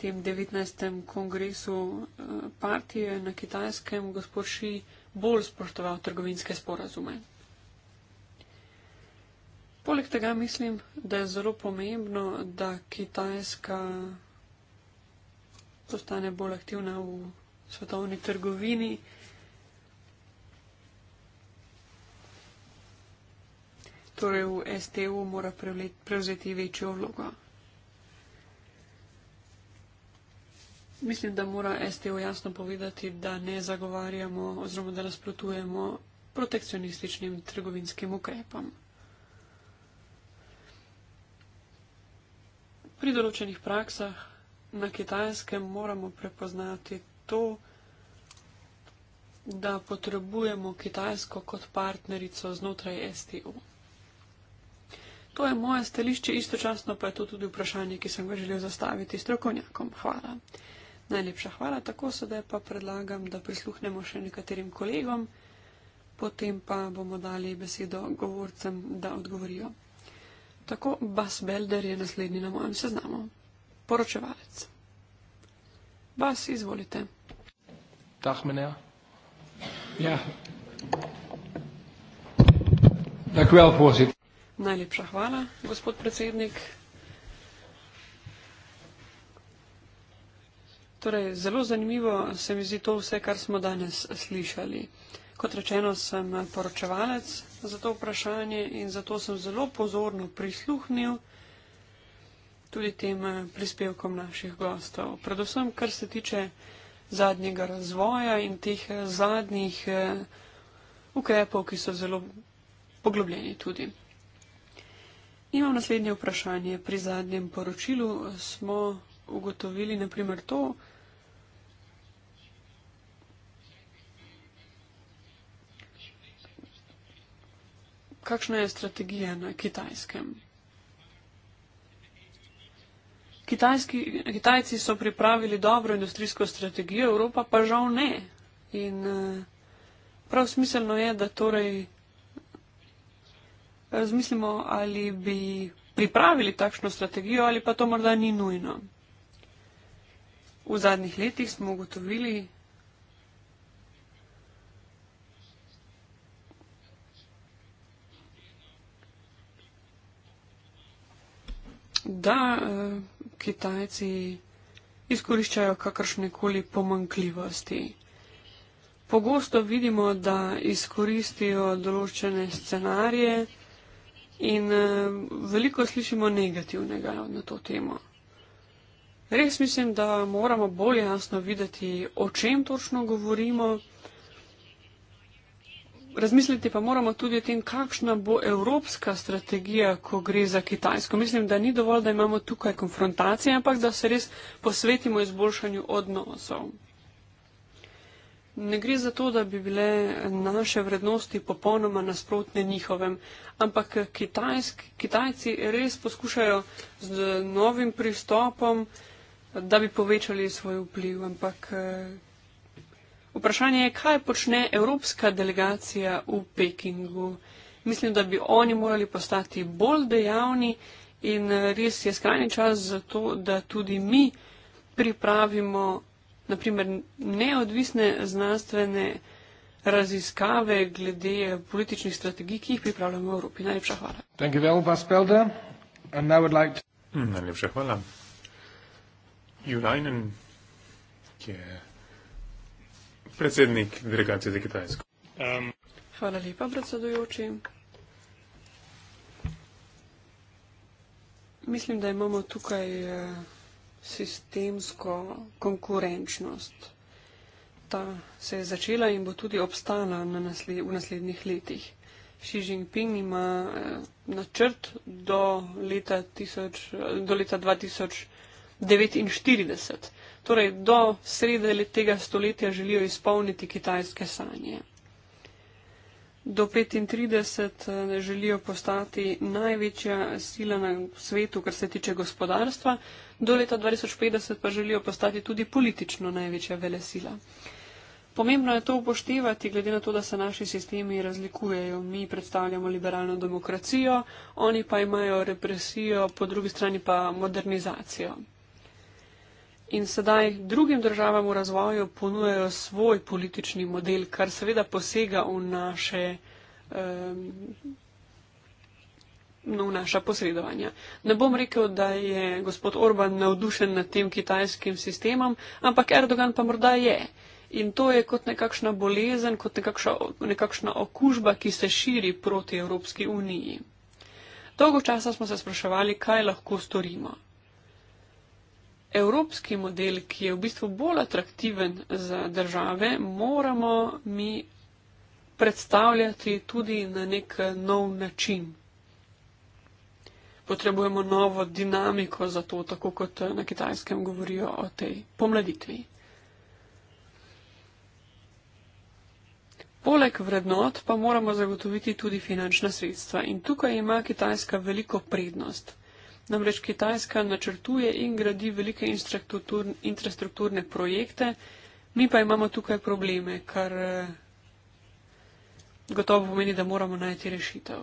tem 19. kongresu eh, partije na kitajskem gospod Ši bolj spoštoval trgovinske sporazume. Poleg tega mislim, da je zelo pomembno, da Kitajska postane bolj aktivna v svetovni trgovini. Torej v STU mora prevzeti večjo vlogo. Mislim, da mora STU jasno povedati, da ne zagovarjamo oziroma da nasprotujemo protekcionističnim trgovinskim ukrepom. Pri določenih praksah na kitajskem moramo prepoznati to, da potrebujemo Kitajsko kot partnerico znotraj STO. To je moje stališče, istočasno pa je to tudi vprašanje, ki sem ga želel zastaviti strokovnjakom. Hvala. Najlepša hvala. Tako sedaj pa predlagam, da prisluhnemo še nekaterim kolegom, potem pa bomo dali besedo govorcem, da odgovorijo. Tako, Bas Belder je naslednji na mojem seznamu. Poročevalec. Bas, izvolite. Dag meneer. Ja. Dank u wel, voorzitter. Najlepša hvala, gospod predsednik. Torej, zelo zanimivo se mi zdi to vse, kar smo danes slišali. Kot rečeno, sem poročevalec za to vprašanje in zato sem zelo pozorno prisluhnil tudi tem prispevkom naših gostov. Predvsem, kar se tiče zadnjega razvoja in teh eh, zadnjih eh, ukrepov, ki so zelo poglobljeni tudi. Imam naslednje vprašanje. Pri zadnjem poročilu smo ugotovili naprimer to, kakšna je strategija na kitajskem. Kitajski, Kitajci so pripravili dobro industrijsko strategijo, Evropa pa žal ne. In eh, prav smiselno je, da torej eh, razmislimo, ali bi pripravili takšno strategijo ali pa to morda ni nujno. V zadnjih letih smo ugotovili, da. Uh, Kitajci izkoriščajo kakršne koli pomankljivosti. Pogosto vidimo, da izkoristijo določene scenarije in eh, veliko slišimo negativnega na to temo. Res mislim, da moramo bolj jasno videti, o čem točno govorimo razmisliti pa moramo tudi o tem, kakšna bo evropska strategija, ko gre za Kitajsko. Mislim, da ni dovolj, da imamo tukaj konfrontacije, ampak da se res posvetimo izboljšanju odnosov. Ne gre za to, da bi bile naše vrednosti popolnoma nasprotne njihovem, ampak Kitajsk, Kitajci res poskušajo z novim pristopom, da bi povečali svoj vpliv. Ampak eh, Vprašanje je, kaj počne evropska delegacija v Pekingu. Mislim, da bi oni morali postati bolj dejavni in eh, res je skrajni čas za to, da tudi mi pripravimo naprimer neodvisne znanstvene raziskave glede političnih strategij, ki jih pripravljamo v Evropi. Najlepša hvala. Najlepša hvala. Julijanen, ki je predsednik delegacije za Kitajsko. Um. Hvala lepa, predsedujoči. Mislim, da imamo tukaj eh, sistemsko konkurenčnost. Ta se je začela in bo tudi obstala na nasled, v naslednjih letih. Xi Jinping ima eh, načrt do leta, tisoč, do leta 2049. Torej, do srede tega stoletja želijo izpolniti kitajske sanje. Do 35 eh, želijo postati največja sila na svetu, kar se tiče gospodarstva, do leta 2050 pa želijo postati tudi politično največja velesila. Pomembno je to upoštevati, glede na to, da se naši sistemi razlikujejo. Mi predstavljamo liberalno demokracijo, oni pa imajo represijo, po drugi strani pa modernizacijo in sedaj drugim državam v razvoju ponujajo svoj politični model, kar seveda posega v naše. Um, v naša posredovanja. Ne bom rekel, da je gospod Orban navdušen nad tem kitajskim sistemom, ampak Erdogan pa morda je. In to je kot nekakšna bolezen, kot nekakšna, nekakšna okužba, ki se širi proti Evropski uniji. Dolgo časa smo se spraševali, kaj lahko storimo evropski model, ki je v bistvu bolj atraktiven za države, moramo mi predstavljati tudi na nek nov način. Potrebujemo novo dinamiko za to, tako kot na kitajskem govorijo o tej pomladitvi. Poleg vrednot pa moramo zagotoviti tudi finančna sredstva in tukaj ima Kitajska veliko prednost. Namreč Kitajska načrtuje in gradi velike infrastrukturne projekte, mi pa imamo tukaj probleme, kar eh, gotovo pomeni, da moramo najti rešitev.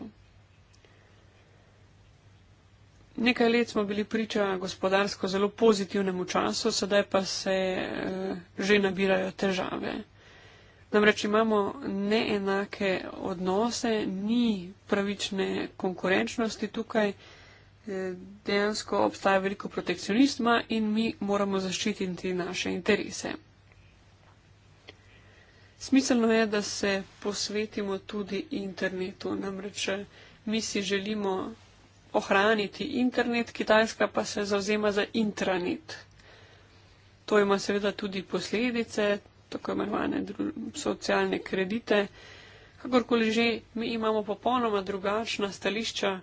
Nekaj let smo bili priča gospodarsko zelo pozitivnemu času, sedaj pa se eh, že nabirajo težave. Namreč imamo neenake odnose, ni pravične konkurenčnosti tukaj dejansko obstaja veliko protekcionizma in mi moramo zaščititi naše interese. Smiselno je, da se posvetimo tudi internetu, namreč mi si želimo ohraniti internet, Kitajska pa se zauzema za intranet. To ima seveda tudi posledice, tako imenovane socialne kredite. Kakorkoli že, mi imamo popolnoma drugačna stališča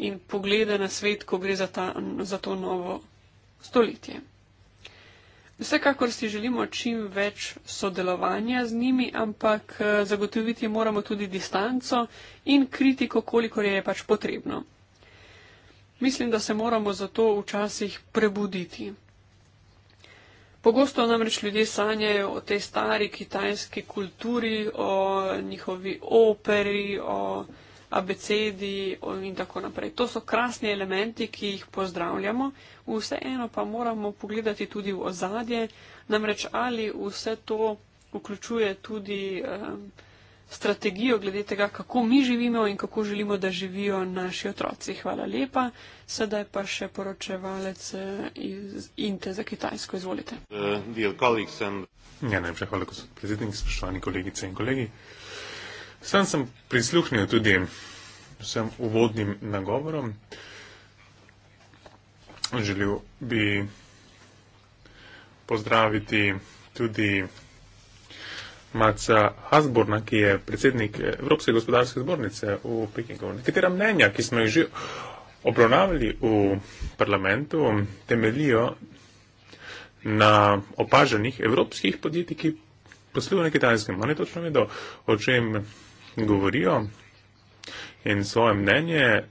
in poglede na svet, ko gre za, ta, za to novo stoletje. Vsekakor si želimo čim več sodelovanja z njimi, ampak eh, zagotoviti moramo tudi distanco in kritiko, kolikor je pač potrebno. Mislim, da se moramo zato včasih prebuditi. Pogosto namreč ljudje sanjajo o tej stari kitajski kulturi, o njihovi operi, o abecedi in tako naprej. To so krasni elementi, ki jih pozdravljamo, vseeno pa moramo pogledati tudi v ozadje, namreč ali vse to vključuje tudi eh, strategijo glede tega, kako mi živimo in kako želimo, da živijo naši otroci. Hvala lepa. Sedaj pa še poročevalec eh, iz Inte za Kitajsko. Izvolite. Uh, and... ja, najprej, hvala, gospod predsednik, spoštovani kolegice in kolegi. Sam sem prisluhnil tudi vsem uvodnim nagovorom. Želel bi pozdraviti tudi Maca Hasborna, ki je predsednik Evropske gospodarske zbornice v Pekingu. Nekatera mnenja, ki smo jih že obravnavali v parlamentu, temelijo na opaženih evropskih podjetij, ki poslujejo na Kitajskem. Oni no, točno vedo, o čem govorijo in svoje mnenje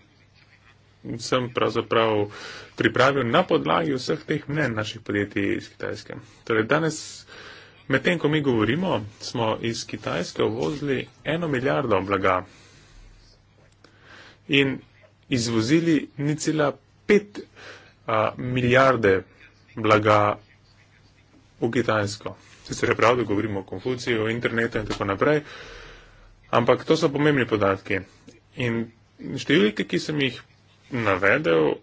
sem pravzaprav pripravil na podlagi vseh teh mnen naših podjetij iz Kitajske. Torej danes, medtem ko mi govorimo, smo iz Kitajske uvozili eno milijardo blaga in izvozili ni cela pet a, milijarde blaga v Kitajsko. Sicer je prav, da govorimo o Konfuciju, o internetu in tako naprej. Ampak to so pomembni podatki. In številke, ki sem jih navedel,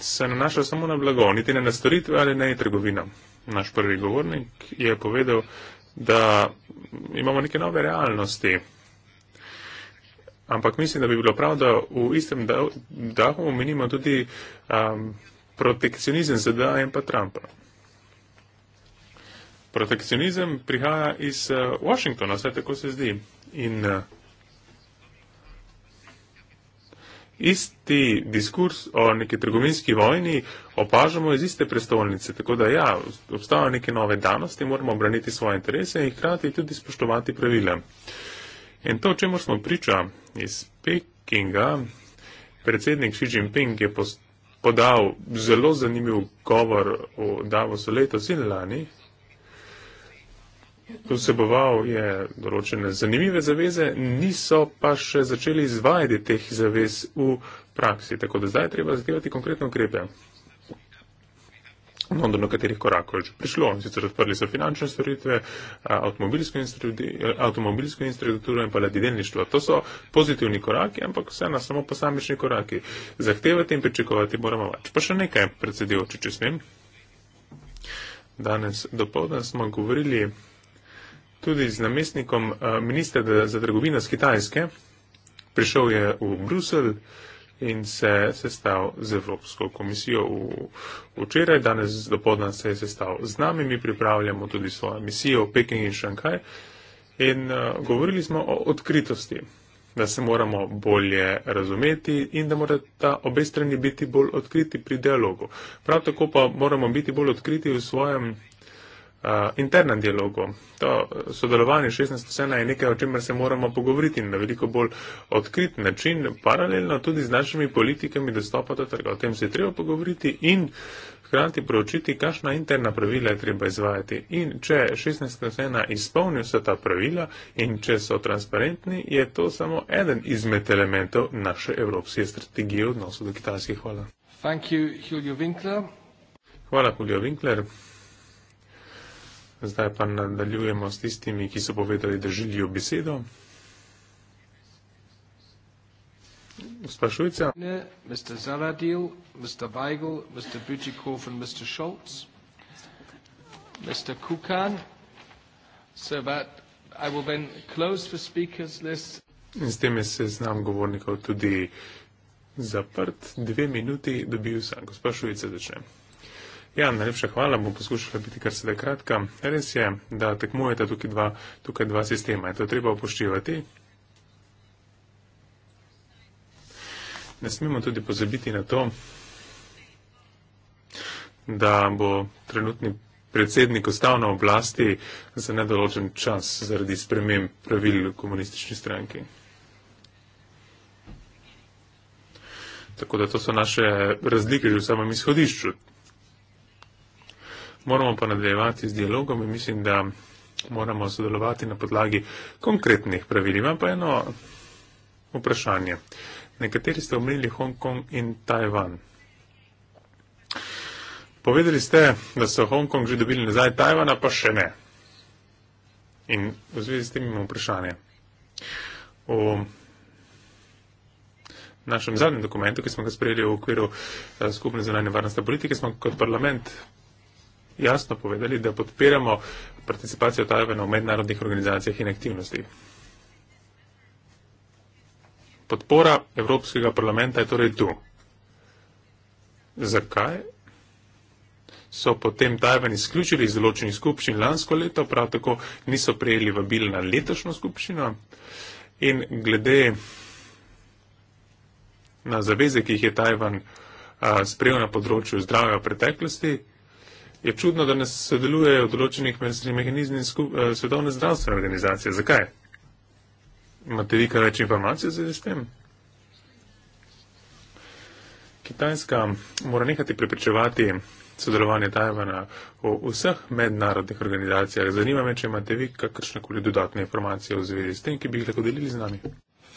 se nanašajo samo na blago, niti ne na storitve ali na e-trgovino. Naš prvi govornik je povedal, da imamo neke nove realnosti. Ampak mislim, da bi bilo prav, da v istem dahu omenimo tudi um, protekcionizem ZDA in pa Trumpa protekcionizem prihaja iz uh, Washingtona, vse tako se zdi. In uh, isti diskurs o neki trgovinski vojni opažamo iz iste prestolnice. Tako da ja, obstajajo neke nove danosti, moramo obraniti svoje interese in hkrati tudi spoštovati pravile. In to, čemu smo priča iz Pekinga, predsednik Xi Jinping je postavil podal zelo zanimiv govor v Davosu letos in lani, vseboval je določene zanimive zaveze, niso pa še začeli izvajati teh zavez v praksi. Tako da zdaj treba zahtevati konkretne ukrepe. No, do nekaterih korakov je že prišlo. Sicer odprli so finančne storitve, avtomobilsko instrumentaturo in pa ledi delništvo. To so pozitivni koraki, ampak vse na samo posamični koraki. Zahtevati in pričakovati moramo več. Pa še nekaj, predsedujoči, če smem. Danes dopoledne smo govorili tudi z namestnikom eh, ministra za trgovino z Kitajske. Prišel je v Bruselj in se sestal z Evropsko komisijo v, včeraj, danes do podna se je sestal z nami, mi pripravljamo tudi svojo misijo v Peking in Šankaj. In uh, govorili smo o odkritosti, da se moramo bolje razumeti in da mora ta obe strani biti bolj odkriti pri dialogu. Prav tako pa moramo biti bolj odkriti v svojem Eh, internem dialogu. To sodelovanje 16 scena je nekaj, o čemer se moramo pogovoriti na veliko bolj odkrit način, paralelno tudi z našimi politikami dostopa do trga. O tem se je treba pogovoriti in hkrati preučiti, kakšna interna pravila je treba izvajati. In če 16 scena izpolnijo vse ta pravila in če so transparentni, je to samo eden izmed elementov naše evropske strategije odnosov do kitajskih. Hvala. Hvala, Julio Winkler. Hvala, Julio Winkler. Zdaj pa nadaljujemo s tistimi, ki so povedali, da želijo besedo. Sprašujte. Mr. Zaradil, Mr. Weigl, Mr. Bütikov in Mr. Schultz. Mr. Kukan. So that I will then close the speakers list. In s tem je se znam govornikov tudi zaprt. Dve minuti dobil sam. Sprašujte, začnem. Ja, najlepša hvala, bom poskušala biti kar sedaj kratka. Res je, da tekmujete tukaj dva, tukaj dva sistema. Je to treba upoštevati? Ne smemo tudi pozabiti na to, da bo trenutni predsednik ostal na oblasti za nedoločen čas zaradi sprememb pravil komunistični stranki. Tako da to so naše razlike že v samem izhodišču. Moramo pa nadaljevati z dialogom in mislim, da moramo sodelovati na podlagi konkretnih pravil. Imam pa eno vprašanje. Nekateri ste omenili Hong Kong in Tajvan. Povedali ste, da so Hong Kong že dobili nazaj Tajvana, pa še ne. In v zvezi s tem imamo vprašanje. O našem zadnjem dokumentu, ki smo ga sprejeli v okviru eh, skupne zunanje varnostne politike, smo kot parlament jasno povedali, da podpiramo participacijo Tajvana v mednarodnih organizacijah in aktivnostih. Podpora Evropskega parlamenta je torej tu. Zakaj? So potem Tajvan izključili iz določenih skupščin lansko leto, prav tako niso prejeli vabil na letošnjo skupščino. In glede na zaveze, ki jih je Tajvan sprejel na področju zdravja preteklosti, je čudno, da ne sodelujejo v določenih mehanizmih eh, svetovne zdravstvene organizacije. Zakaj? Imate vi kaj več informacij za s tem? Kitajska mora nekati prepričevati sodelovanje Tajvana v vseh mednarodnih organizacijah. Zanima me, če imate vi kakršne koli dodatne informacije v zvezi s tem, ki bi jih lahko delili z nami.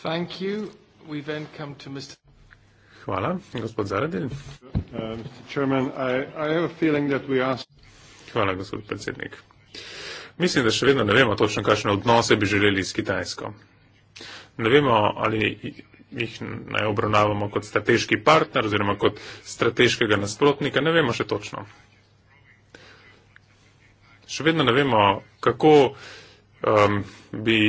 Thank you. We then come to Mr. Hvala. Gospod Zaradil. Hvala, gospod predsednik. Mislim, da še vedno ne vemo točno, kakšne odnose bi želeli s Kitajsko. Ne vemo, ali jih naj obravnavamo kot strateški partner oziroma kot strateškega nasprotnika. Ne vemo še točno. Še vedno ne vemo, kako um, bi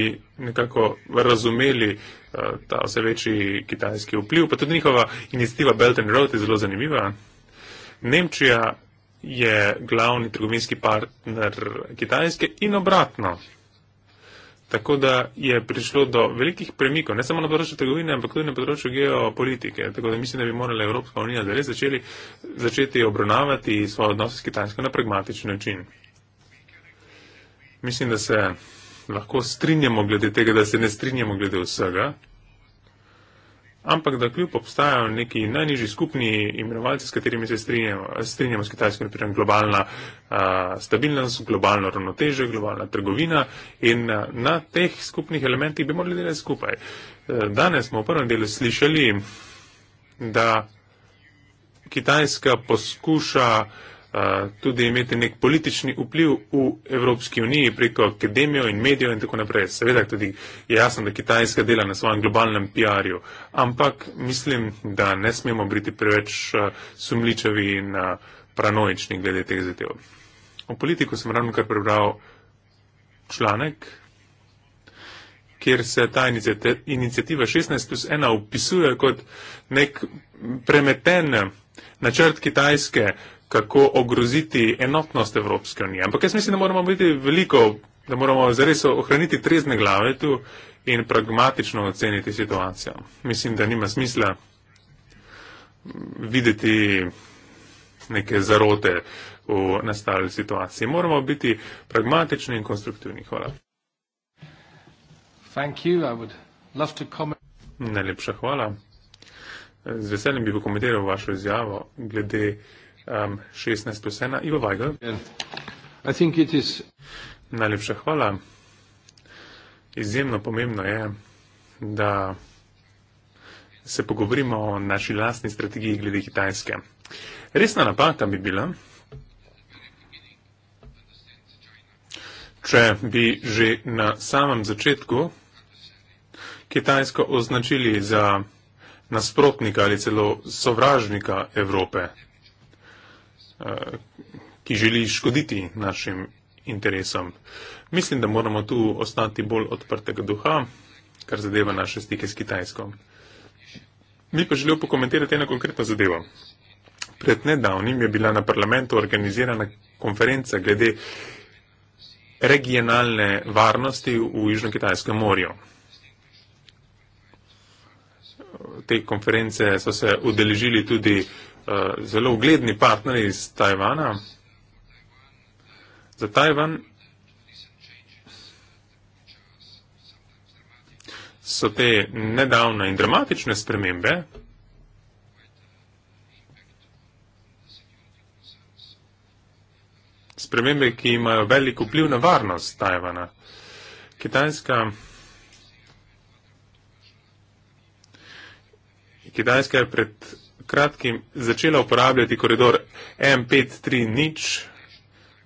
nekako razumeli uh, Eh, ta vse večji kitajski vpliv, pa tudi njihova inicijativa Belt and Road je zelo zanimiva. Nemčija je glavni trgovinski partner Kitajske in obratno. Tako da je prišlo do velikih premikov, ne samo na področju trgovine, ampak tudi na področju geopolitike. Tako da mislim, da bi morala Evropska unija zares začeli začeti obravnavati svoje odnose s Kitajsko na pragmatičen način. Mislim, da se lahko strinjamo glede tega, da se ne strinjamo glede vsega, ampak da kljub obstajajo neki najnižji skupni imenovalci, s katerimi se strinjamo, strinjamo s Kitajsko, naprimer globalna a, stabilnost, globalno ravnoteže, globalna trgovina in a, na teh skupnih elementih bi morali delati skupaj. E, danes smo v prvem delu slišali, da Kitajska poskuša tudi imeti nek politični vpliv v Evropski uniji preko akademijo in medijo in tako naprej. Seveda tudi je jasno, da Kitajska dela na svojem globalnem PR-ju, ampak mislim, da ne smemo biti preveč sumličavi in pranoični glede teh zadev. O politiku sem ravno kar prebral članek kjer se ta inicijativa 16 plus 1 opisuje kot nek premeten načrt Kitajske kako ogroziti enotnost Evropske unije. Ampak jaz mislim, da moramo biti veliko, da moramo zares ohraniti trezne glave tu in pragmatično oceniti situacijo. Mislim, da nima smisla videti neke zarote v nastali situaciji. Moramo biti pragmatični in konstruktivni. Hvala. Najlepša hvala. Z veseljem bi komentiral vašo izjavo glede um, 16 plus 1. Ivo Weigel. Is... Najlepša hvala. Izjemno pomembno je, da se pogovorimo o naši lastni strategiji glede Kitajske. Resna napaka bi bila, če bi že na samem začetku Kitajsko označili za nasprotnika ali celo sovražnika Evrope ki želi škoditi našim interesom. Mislim, da moramo tu ostati bolj odprtega duha, kar zadeva naše stike s Kitajsko. Mi pa želimo pokomentirati eno konkretno zadevo. Pred nedavnim je bila na parlamentu organizirana konferenca glede regionalne varnosti v Južno-Kitajskem morju. Te konference so se udeležili tudi uh, Eh, zelo ugledni partneri iz Tajvana. Za Tajvan so te nedavne in dramatične spremembe spremembe, ki imajo velik vpliv na varnost Tajvana. Kitajska Kitajska je pred kratkim začela uporabljati koridor M530,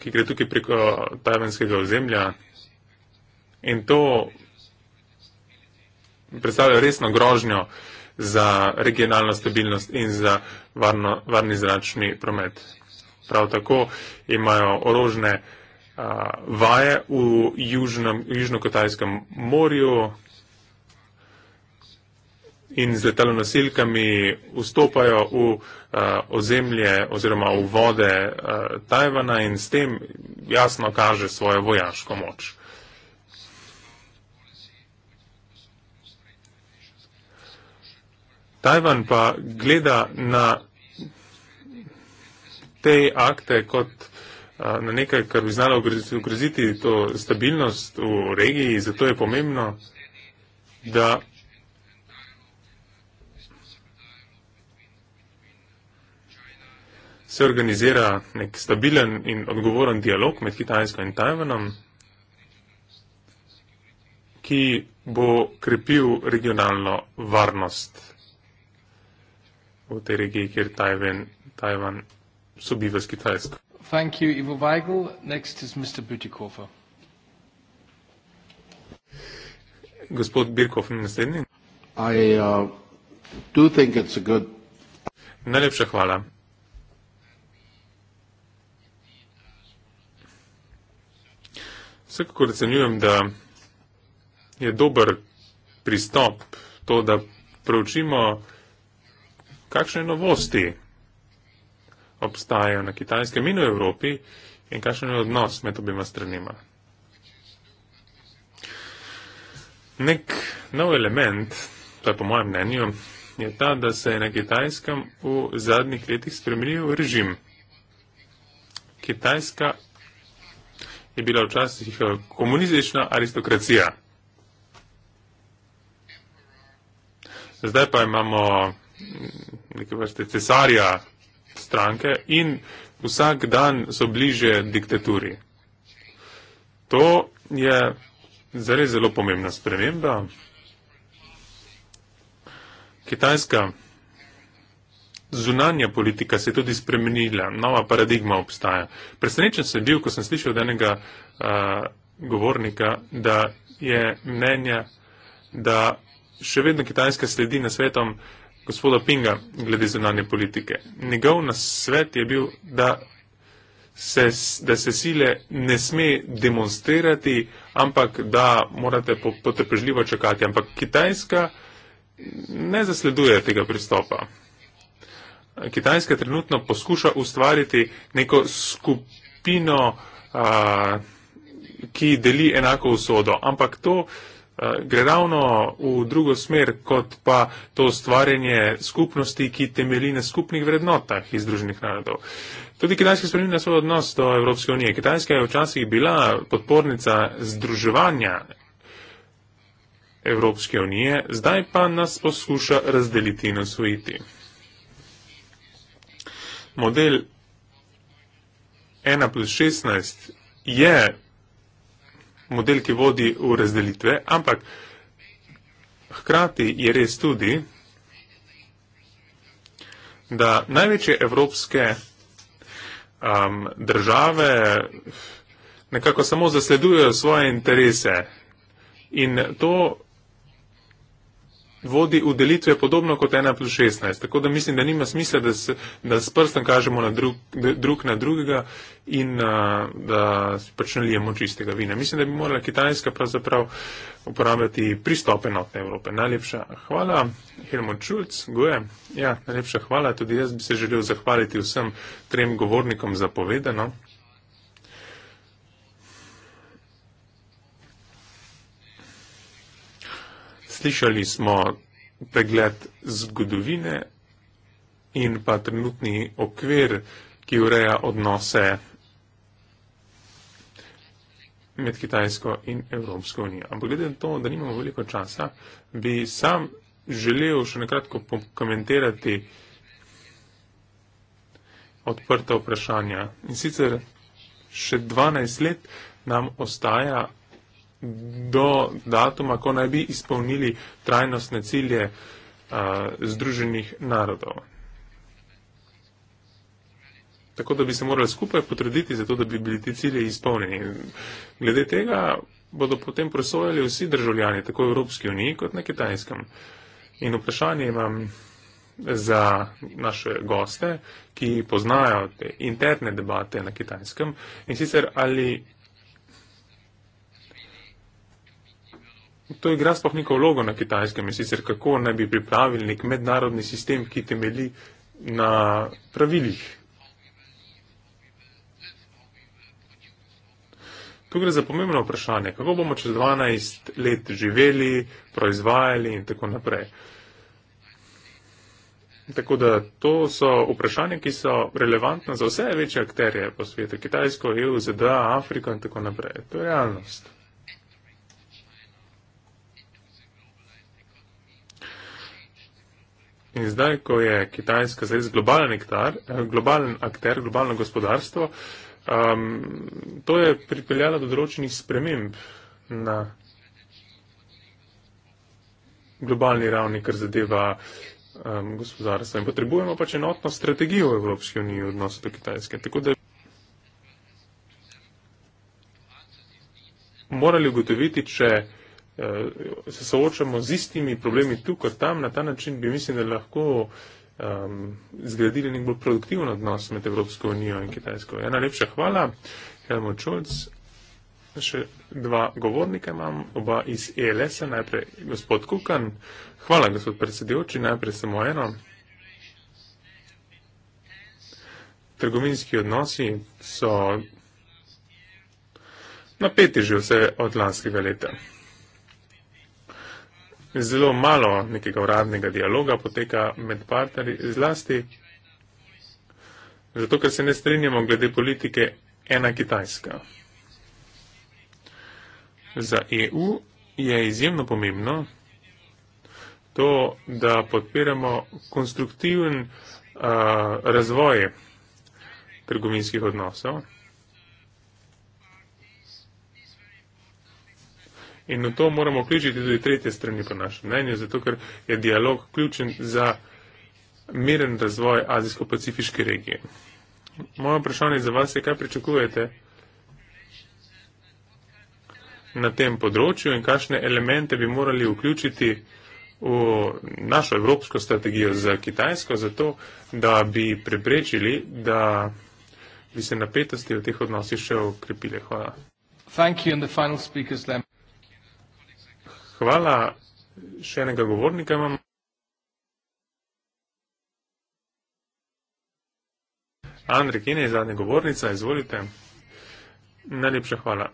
ki gre tukaj preko eh, tajvanskega ozemlja. In to predstavlja resno grožnjo za regionalno stabilnost in za varno, varni zračni promet. Prav tako imajo orožne a, eh, vaje v, južnem, v Južno-Kotajskem morju in z letalonosilkami vstopajo v uh, ozemlje oziroma v vode uh, Tajvana in s tem jasno kaže svojo vojaško moč. Tajvan pa gleda na te akte kot eh, na nekaj, kar bi znalo ogroziti to stabilnost v regiji, zato je pomembno, da se organizira nek stabilen in odgovoren dialog med Kitajsko in Tajvanom, ki bo krepil regionalno varnost v tej regiji, kjer Tajven, Tajvan sobiva s Kitajsko. You, Ivo Next is Mr. Gospod Birkov, naslednji. I, uh, do think it's a good... Najlepša hvala. Vsekakor ocenjujem, da je dober pristop to, da preučimo, kakšne novosti obstajajo na kitajskem in v Evropi in kakšen je odnos med obima stranima. Nek nov element, to je po mojem mnenju, je ta, da se je na kitajskem v zadnjih letih spremenil režim. Kitajska je bila včasih eh, komunistična aristokracija. Zdaj pa imamo mm, neke vrste cesarja stranke in vsak dan so bliže diktaturi. To je zares zelo pomembna sprememba. Kitajska zunanja politika se je tudi spremenila, nova paradigma obstaja. Presenečen sem bil, ko sem slišal od enega uh, govornika, da je mnenja, da še vedno Kitajska sledi na svetom gospoda Pinga glede zunanje politike. Njegov nasvet je bil, da se, da se sile ne sme demonstrirati, ampak da morate potrpežljivo čakati. Ampak Kitajska ne zasleduje tega pristopa. Kitajska trenutno poskuša ustvariti neko skupino, a, ki deli enako usodo, ampak to a, gre ravno v drugo smer, kot pa to ustvarjanje skupnosti, ki temeli na skupnih vrednotah iz Združenih narodov. Tudi Kitajska spremlja svoj odnos do Evropske unije. Kitajska je včasih bila podpornica združevanja. Evropske unije, zdaj pa nas poskuša razdeliti in osvojiti model 1 plus 16 je model, ki vodi v razdelitve, ampak hkrati je res tudi, da največje evropske um, države nekako samo zasledujejo svoje interese. In to vodi v delitve podobno kot 1 plus 16. Tako da mislim, da nima smisla, da, se, da s prstem kažemo na drug, drug na drugega in a, da pač nalijemo čistega vina. Mislim, da bi morala Kitajska pravzaprav uporabljati pristope enotne Evrope. Najlepša hvala, Helmut Schulz, goje. Ja, najlepša hvala, tudi jaz bi se želel zahvaliti vsem trem govornikom za povedano. Slišali smo pregled zgodovine in pa trenutni okvir, ki ureja odnose med Kitajsko in Evropsko unijo. Ampak glede na to, da nimamo veliko časa, bi sam želel še nekratko pokomentirati odprta vprašanja. In sicer še 12 let nam ostaja do datuma, ko naj bi izpolnili trajnostne cilje a, uh, Združenih narodov. Tako da bi se morali skupaj potruditi za to, da bi bili ti cilje izpolnjeni. Glede tega bodo potem prosojali vsi državljani, tako v Evropski uniji kot na kitajskem. In vprašanje imam za naše goste, ki poznajo te interne debate na kitajskem in sicer ali To igra sploh neko vlogo na kitajskem in sicer kako naj bi pripravili nek mednarodni sistem, ki temeli na pravilih. Tu gre za pomembno vprašanje, kako bomo čez 12 let živeli, proizvajali in tako naprej. Tako da to so vprašanja, ki so relevantna za vse večje akterje po svetu, Kitajsko, EU, ZDA, Afriko in tako naprej. To je realnost. In zdaj, ko je Kitajska zares globalen, ektar, eh, globalen akter, globalno gospodarstvo, um, to je pripeljalo do določenih sprememb na globalni ravni, kar zadeva um, gospodarstvo. In potrebujemo pač enotno strategijo v Evropski uniji v odnosu do Kitajske. Tako da morali ugotoviti, če Eh, se soočamo z istimi problemi tu kot tam, na ta način bi mislim, da lahko um, zgradili nek bolj produktiven odnos med Evropsko unijo in Kitajsko. Ja, najlepša hvala, Helmo Čulc. Še dva govornika imam, oba iz ELS-a, najprej gospod Kukan. Hvala, gospod predsedujoči, najprej samo eno. Trgovinski odnosi so napeti že vse od lanskega leta zelo malo nekega uradnega dialoga poteka med partnerji, zlasti zato, ker se ne strinjamo glede politike ena Kitajska. Za EU je izjemno pomembno to, da podpiramo konstruktiven uh, razvoj trgovinskih odnosov. In v to moramo vključiti tudi tretje strani po našem mnenju, zato ker je dialog ključen za miren razvoj azijsko-pacifiške regije. Moje vprašanje za vas je, kaj pričakujete na tem področju in kakšne elemente bi morali vključiti v našo evropsko strategijo za Kitajsko, zato da bi preprečili, da bi se napetosti v teh odnosih še okrepile. Hvala. Thank you and the final speakers then. Hvala. Še enega govornika imam. Andrej Kine je zadnja govornica, izvolite. Najlepša hvala.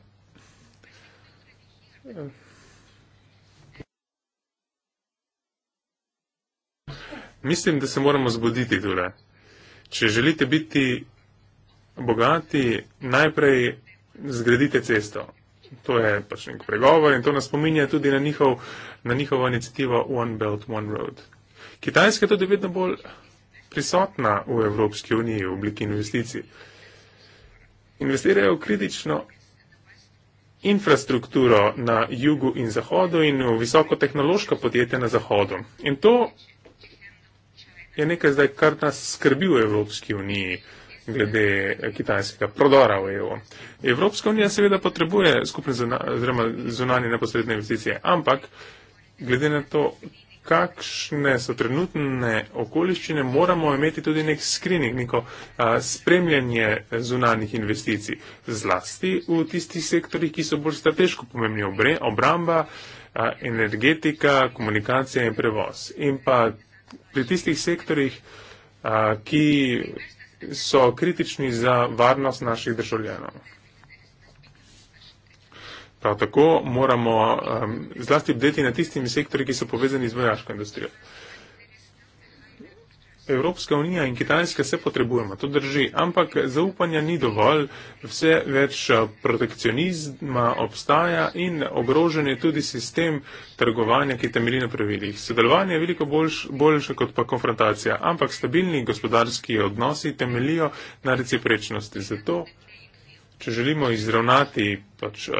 Mislim, da se moramo zbuditi tule. Če želite biti bogati, najprej zgradite cesto. To je pač nek pregovor in to nas spominja tudi na, njihov, na njihovo inicijativo One Belt, One Road. Kitajska je tudi vedno bolj prisotna v Evropski uniji v obliki investicij. Investirajo v kritično infrastrukturo na jugu in zahodu in v visokotehnološka podjetja na zahodu. In to je nekaj zdaj, kar nas skrbi v Evropski uniji. Uh, glede eh, kitajskega prodora v EU. Evropska unija seveda potrebuje skupne zunanje neposredne investicije, ampak glede na to, kakšne so trenutne okoliščine, moramo imeti tudi nek screening, neko a, spremljanje zunanih investicij, zlasti v tistih sektorjih, ki so bolj strateško pomembni, obramba, a, energetika, komunikacija in prevoz. In pa pri tistih sektorjih, a, ki so kritični za varnost naših državljanov. Prav tako moramo um, zlasti bdeti na tistimi sektori, ki so povezani z vojaško industrijo. Evropska unija in Kitajska se potrebujemo, to drži, ampak zaupanja ni dovolj, vse več eh, protekcionizma obstaja in ogrožen je tudi sistem trgovanja, ki temelji na pravilih. Sodelovanje je veliko boljše kot pa konfrontacija, ampak stabilni gospodarski odnosi temelijo na reciprečnosti. Zato, če želimo izravnati pač, eh,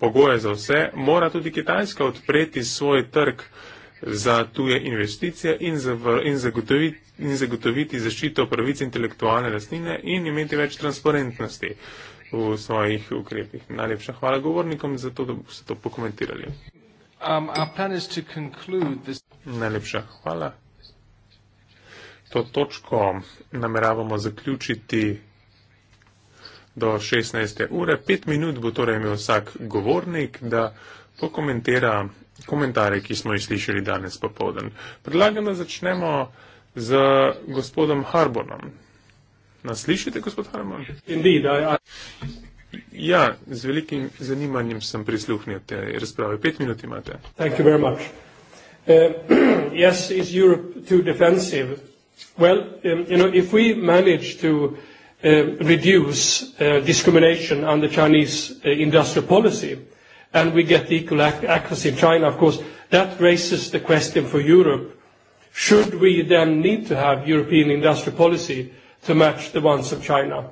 pogoje za vse, mora tudi Kitajska odpreti svoj trg za tuje investicije in, in, zagotoviti, in zagotoviti zaščito pravic intelektualne lastnine in imeti več transparentnosti v svojih ukrepih. Najlepša hvala govornikom za to, da ste to pokomentirali. Um, this... Najlepša hvala. To točko nameravamo zaključiti do 16. ure. Pet minut bo torej imel vsak govornik, da pokomentira komentarje, ki smo jih slišali danes popovdan. Predlagam, da začnemo z gospodom Harbonom. Nas slišite, gospod Harbon? Indeed, I, I... Ja, z velikim zanimanjem sem prisluhnil te razprave. Pet minut imate. Thank you very much. Uh, [clears throat] yes, is Europe too defensive? Well, um, you know, if we manage to uh, reduce uh, discrimination under Chinese uh, industrial policy, uh, and we get equal access in China, of course, that raises the question for Europe, should we then need to have European industrial policy to match the ones of China?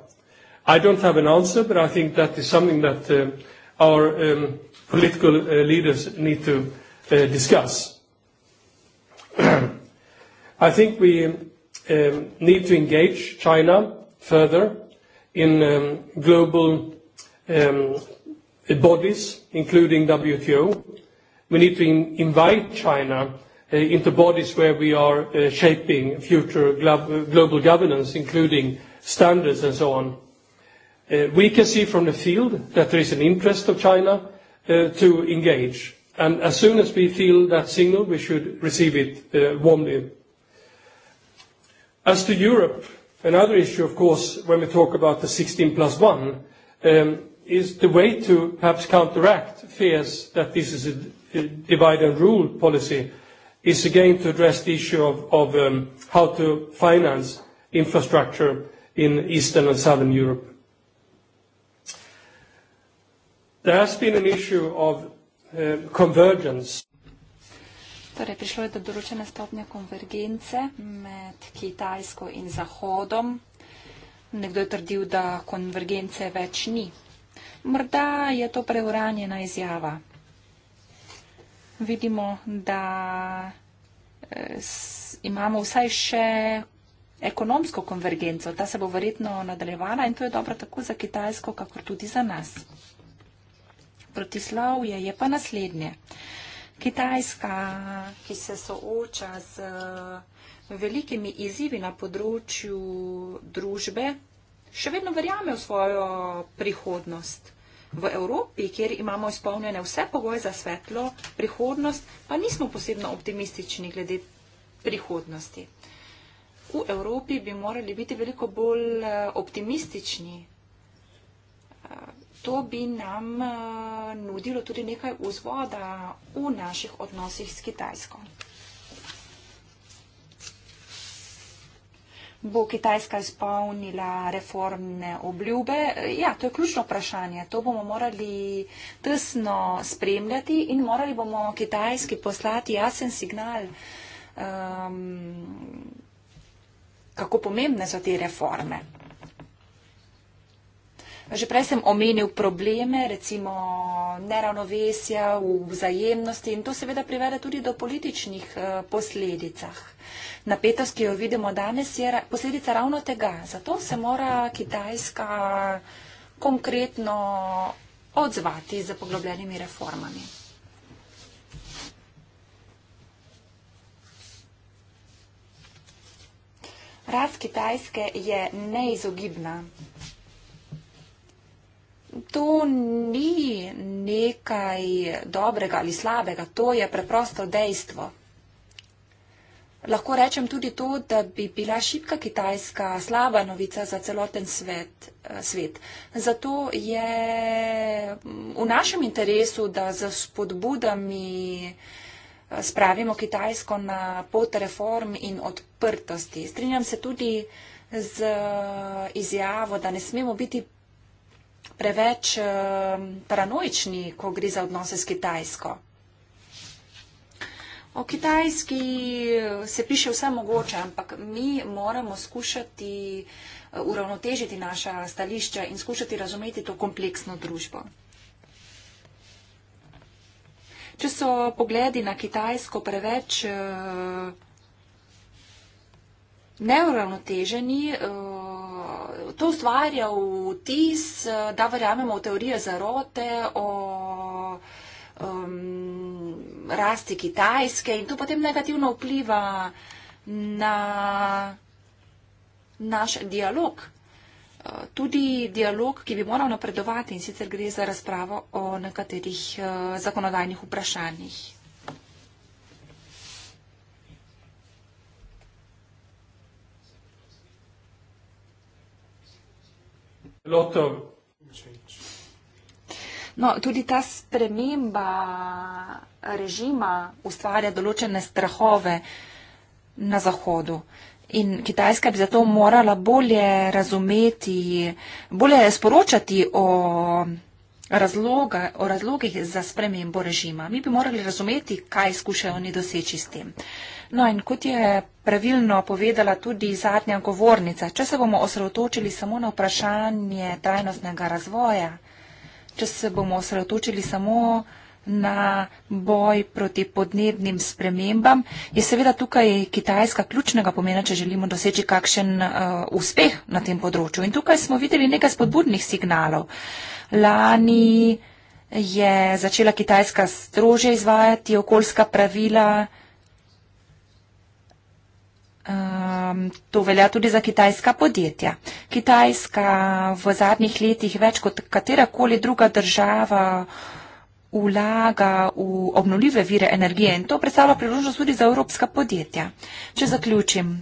I don't have an answer, but I think that is something that uh, our um, political uh, leaders need to uh, discuss. [clears throat] I think we um, need to engage China further in um, global Eh, bodies, including WTO. We need to invite China eh, into bodies where we are eh, shaping future global governance, including standards and so on. We can see from the field that there is an interest of China to engage, and as soon as we feel that signal, we should receive it warmly. As to Europe, another issue, of course, when we talk about the 16 plus one, um, is the way to perhaps counteract fears that this is a divide and rule policy is again to address the issue of, of um, how to finance infrastructure in Eastern and Southern Europe. There has been an issue of uh, convergence. Torej, prišlo je do določene stopnje konvergence med Kitajsko in Zahodom. Nekdo je trdil, da konvergence več ni. Morda je to preuranjena izjava. Vidimo, da eh, imamo vsaj še ekonomsko konvergenco. Ta se bo verjetno nadaljevala in to je dobro tako za Kitajsko, kakor tudi za nas. Protislav je, je pa naslednje. Kitajska, ki se sooča z eh, velikimi izzivi na področju družbe, še vedno verjame v svojo prihodnost. V Evropi, kjer imamo izpolnjene vse pogoje za svetlo prihodnost, pa nismo posebno optimistični glede prihodnosti. V Evropi bi morali biti veliko bolj eh, optimistični. Eh, to bi nam eh, nudilo tudi nekaj vzvoda v naših odnosih s Kitajsko. bo Kitajska izpolnila reformne obljube? Ja, to je ključno vprašanje. To bomo morali tesno spremljati in morali bomo Kitajski poslati jasen signal, um, kako pomembne so te reforme. Že prej sem omenil probleme, recimo neravnovesja v vzajemnosti in to seveda privede tudi do političnih eh, posledicah. Napetost, ki jo vidimo danes, je posledica ravno tega. Zato se mora Kitajska konkretno odzvati z poglobljenimi reformami. Raz Kitajske je neizogibna to ni nekaj dobrega ali slabega, to je preprosto dejstvo. Lahko rečem tudi to, da bi bila šipka Kitajska slaba novica za celoten svet, eh, svet. Zato je mm, v našem interesu, da z spodbudami eh, spravimo Kitajsko na pot reform in odprtosti. Strinjam se tudi z eh, izjavo, da ne smemo biti preveč ehm, paranoični, ko gre za odnose s Kitajsko. O Kitajski eh, se piše vse mogoče, ampak mi moramo skušati eh, uravnotežiti naša stališča in skušati razumeti to kompleksno družbo. Če so pogledi na Kitajsko preveč eh, neuravnoteženi, uh, to ustvarjal vtis, eh, da verjamemo v teorije zarote, o um, rasti kitajske in to potem negativno vpliva na naš dialog. Eh, tudi dialog, ki bi moral napredovati in sicer gre za razpravo o nekaterih eh, zakonodajnih vprašanjih. lot of change. No, tudi ta sprememba režima ustvarja določene strahove na Zahodu. In Kitajska bi zato morala bolje razumeti, bolje sporočati o, razloga, o razlogih za spremembo režima. Mi bi morali razumeti, kaj skušajo oni doseči s tem. Uh, No in kot je pravilno povedala tudi zadnja govornica, če se bomo osredotočili samo na vprašanje trajnostnega razvoja, če se bomo osredotočili samo na boj proti podnebnim spremembam, je seveda tukaj Kitajska ključnega pomena, če želimo doseči kakšen uh, uspeh na tem področju. In tukaj smo videli nekaj spodbudnih signalov. Lani je začela Kitajska strože izvajati okoljska pravila, uh, Um, to velja tudi za kitajska podjetja. Kitajska v zadnjih letih več kot katerakoli druga država vlaga v obnovljive vire energije in to predstavlja priložnost tudi za evropska podjetja. Če zaključim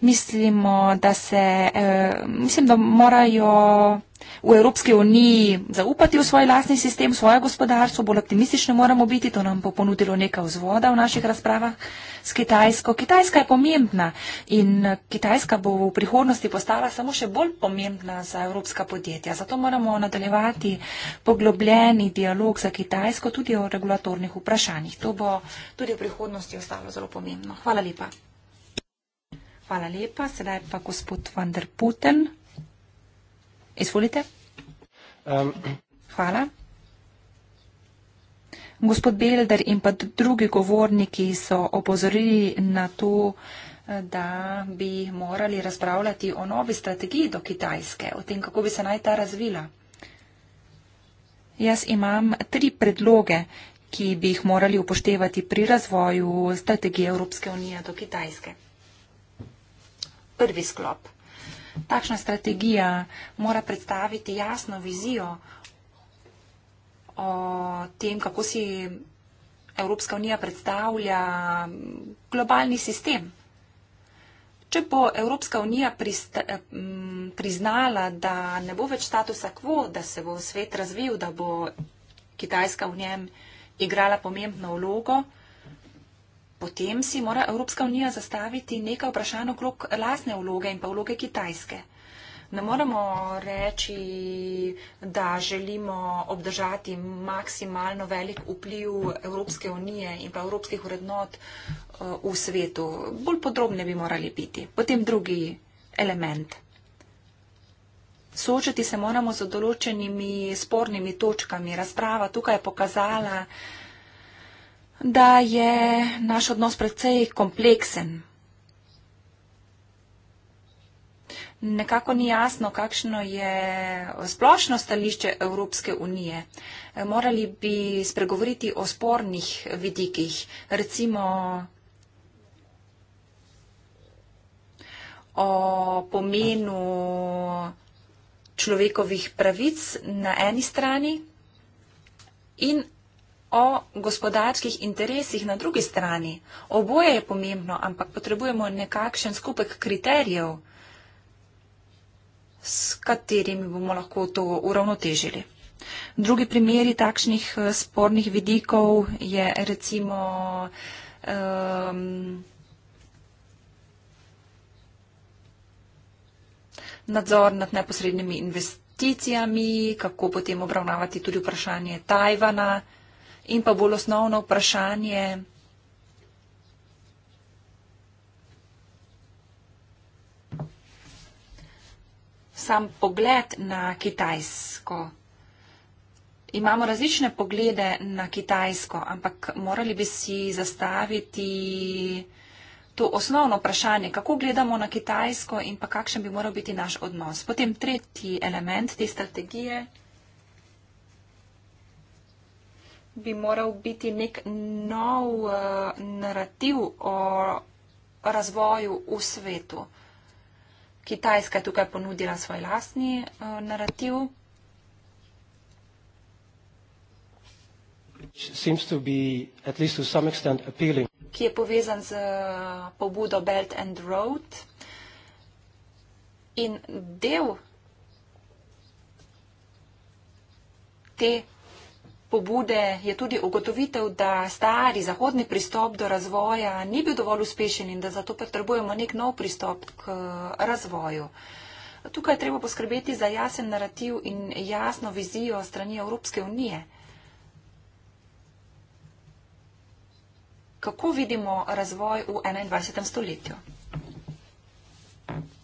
mislimo, da se, eh, mislim, da morajo v Evropski uniji zaupati v svoj lastni sistem, svoje gospodarstvo, bolj optimistične moramo biti, to nam bo ponudilo nekaj vzvoda v naših razpravah s Kitajsko. Kitajska je pomembna in Kitajska bo v prihodnosti postala samo še bolj pomembna za evropska podjetja. Zato moramo nadaljevati poglobljeni dialog za Kitajsko tudi o regulatornih vprašanjih. To bo tudi v prihodnosti ostalo zelo pomembno. Hvala lepa. Hvala lepa. Sedaj pa gospod Vander Putin. Izvolite. Um. Hvala. Gospod Belder in pa drugi govorniki so opozorili na to, da bi morali razpravljati o novi strategiji do Kitajske, o tem, kako bi se naj ta razvila. Jaz imam tri predloge, ki bi jih morali upoštevati pri razvoju strategije Evropske unije do Kitajske prvi sklop. Takšna strategija mora predstaviti jasno vizijo o tem, kako si Evropska unija predstavlja globalni sistem. Če bo Evropska unija eh, priznala, da ne bo več statusa quo, da se bo svet razvil, da bo Kitajska v njem igrala pomembno vlogo, Potem si mora Evropska unija zastaviti nekaj vprašanj okrog lasne vloge in pa vloge Kitajske. Ne moramo reči, da želimo obdržati maksimalno velik vpliv Evropske unije in pa evropskih vrednot eh, v svetu. Bolj podrobne bi morali biti. Potem drugi element. Soočati se moramo z določenimi spornimi točkami. Razprava tukaj je pokazala, da je naš odnos predvsej kompleksen. Nekako ni jasno, kakšno je splošno stališče Evropske unije. Morali bi spregovoriti o spornih vidikih, recimo o pomenu človekovih pravic na eni strani in o gospodarskih interesih na drugi strani. Oboje je pomembno, ampak potrebujemo nekakšen skupek kriterijev, s katerimi bomo lahko to uravnotežili. Drugi primeri takšnih eh, spornih vidikov je recimo um, nadzor nad neposrednimi investicijami, kako potem obravnavati tudi vprašanje Tajvana in pa bolj osnovno vprašanje. Sam pogled na Kitajsko. Imamo različne poglede na Kitajsko, ampak morali bi si zastaviti to osnovno vprašanje, kako gledamo na Kitajsko in pa kakšen bi moral biti naš odnos. Potem tretji element te strategije. bi moral biti nek nov uh, narativ o razvoju v svetu. Kitajska je tukaj ponudila svoj lastni uh, narativ. Extent, ki je povezan z eh, pobudo Belt and Road. In del te pobude je tudi ugotovitev, da stari zahodni pristop do razvoja ni bil dovolj uspešen in da zato potrebujemo nek nov pristop k razvoju. Tukaj treba poskrbeti za jasen narativ in jasno vizijo strani Evropske unije. Kako vidimo razvoj v 21. stoletju? Thank you.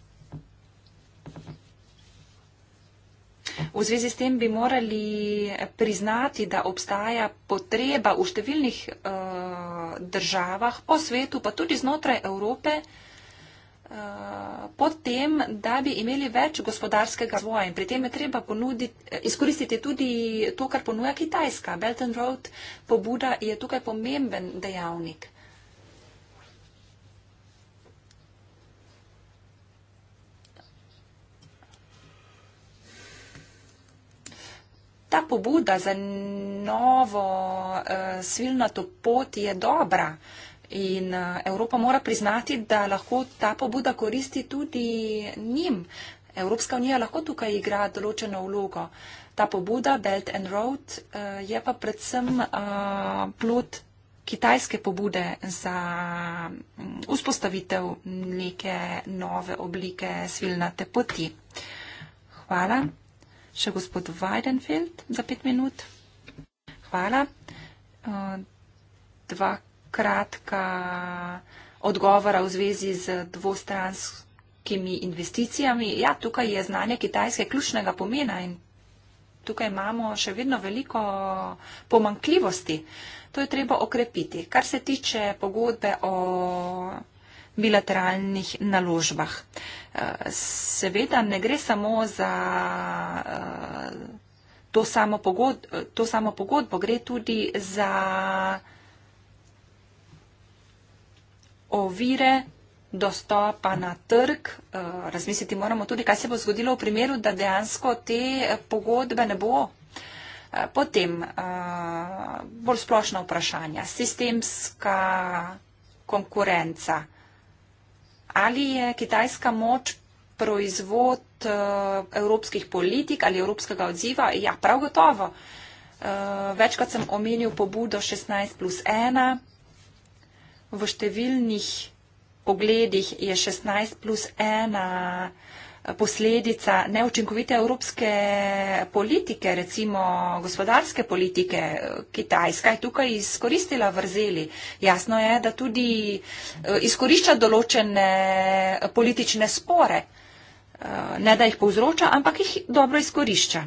V zvezi s tem bi morali priznati, da obstaja potreba v številnih uh, državah po svetu, pa tudi znotraj Evrope, uh, eh, potem, da bi imeli več gospodarskega razvoja. In pri tem je treba ponuditi, eh, izkoristiti tudi to, kar ponuja Kitajska. Belt and Road pobuda je tukaj pomemben dejavnik. ta pobuda za novo uh, svilnato pot je dobra in uh, Evropa mora priznati, da lahko ta pobuda koristi tudi njim. Evropska unija lahko tukaj igra določeno vlogo. Ta pobuda Belt and Road uh, je pa predvsem uh, plot kitajske pobude za mm, vzpostavitev neke nove oblike svilnate poti. Hvala še gospod Weidenfeld za pet minut. Hvala. Uh, dva kratka odgovora v zvezi z dvostranskimi investicijami. Ja, tukaj je znanje kitajske ključnega pomena in tukaj imamo še vedno veliko pomankljivosti. To je treba okrepiti. Kar se tiče pogodbe o bilateralnih naložbah. Eh, seveda ne gre samo za eh, to samo, pogod, eh, to samo pogodbo, gre tudi za ovire dostopa na trg. Razmisliti moramo tudi, kaj se bo zgodilo v primeru, da dejansko te pogodbe ne bo. Potem bolj splošna vprašanja. Sistemska konkurenca ali je kitajska moč proizvod uh, evropskih politik ali evropskega odziva? Ja, prav gotovo. Uh, večkrat sem omenil pobudo 16 plus 1. V številnih ogledih je 16 plus 1 posledica neučinkovite evropske politike, recimo gospodarske politike. Eh, Kitajska je tukaj izkoristila vrzeli. Jasno je, da tudi eh, izkorišča določene eh, politične spore. Ne da jih povzroča, ampak jih dobro izkorišča.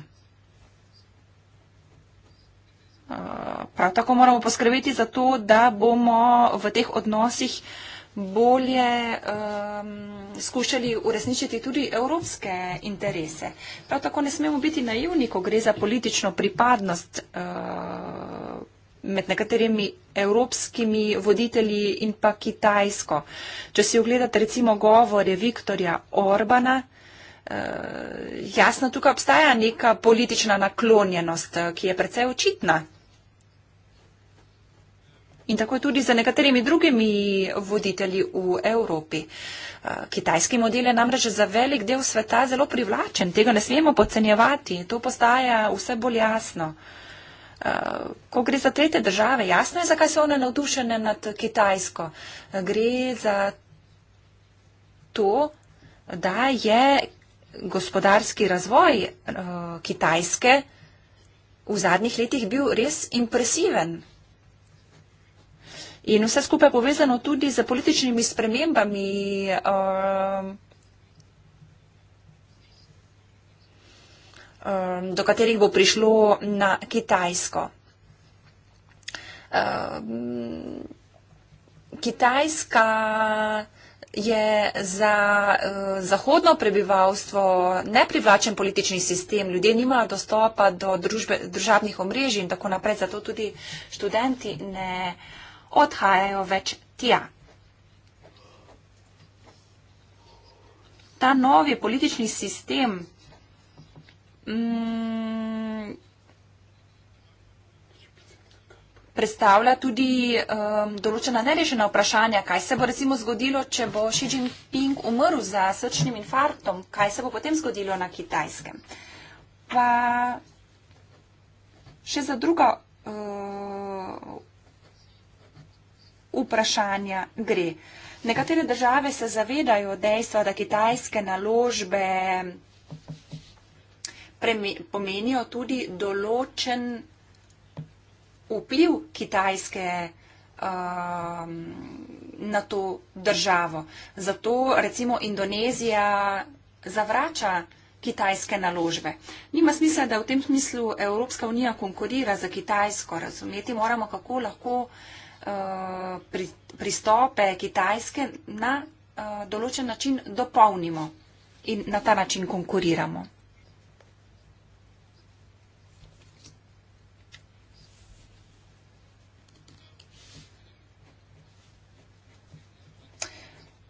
Prav tako moramo poskrbeti za to, da bomo v teh odnosih uh, bolje um, skušali uresničiti tudi evropske interese. Prav tako ne smemo biti naivni, ko gre za politično pripadnost uh, med nekaterimi evropskimi voditelji in pa Kitajsko. Če si ogledate recimo govore Viktorja Orbana, uh, jasno, tukaj obstaja neka politična naklonjenost, uh, ki je precej očitna in tako je tudi za nekaterimi drugimi voditelji v Evropi. Eh, kitajski model je namreč za velik del sveta zelo privlačen, tega ne smemo podcenjevati, to postaja vse bolj jasno. Eh, ko gre za tretje države, jasno je, zakaj so one navdušene nad Kitajsko. Gre za to, da je gospodarski razvoj eh, Kitajske v zadnjih letih bil res impresiven. In vse skupaj je povezano tudi z političnimi spremembami. Uh, do katerih bo prišlo na Kitajsko. Um, Kitajska je za uh, zahodno prebivalstvo neprivlačen politični sistem, ljudje nimajo dostopa do družbe, državnih omrežij in tako naprej, zato tudi študenti ne. Uh, odhajajo več tja. Ta novi politični sistem mm, predstavlja tudi um, določena nerešena vprašanja, kaj se bo recimo zgodilo, če bo Xi Jinping umrl za srčnim infarktom, kaj se bo potem zgodilo na kitajskem. Pa še za druga. Uh, vprašanja gre. Nekatere države se zavedajo dejstva, da kitajske naložbe pomenijo tudi določen vpliv kitajske um, na to državo. Zato recimo Indonezija zavrača kitajske naložbe. Nima smisla, da v tem smislu Evropska unija konkurira za kitajsko. Razumeti moramo, kako lahko uh, Eh, pri, pristope Kitajske na uh, določen način dopolnimo in na ta način konkuriramo.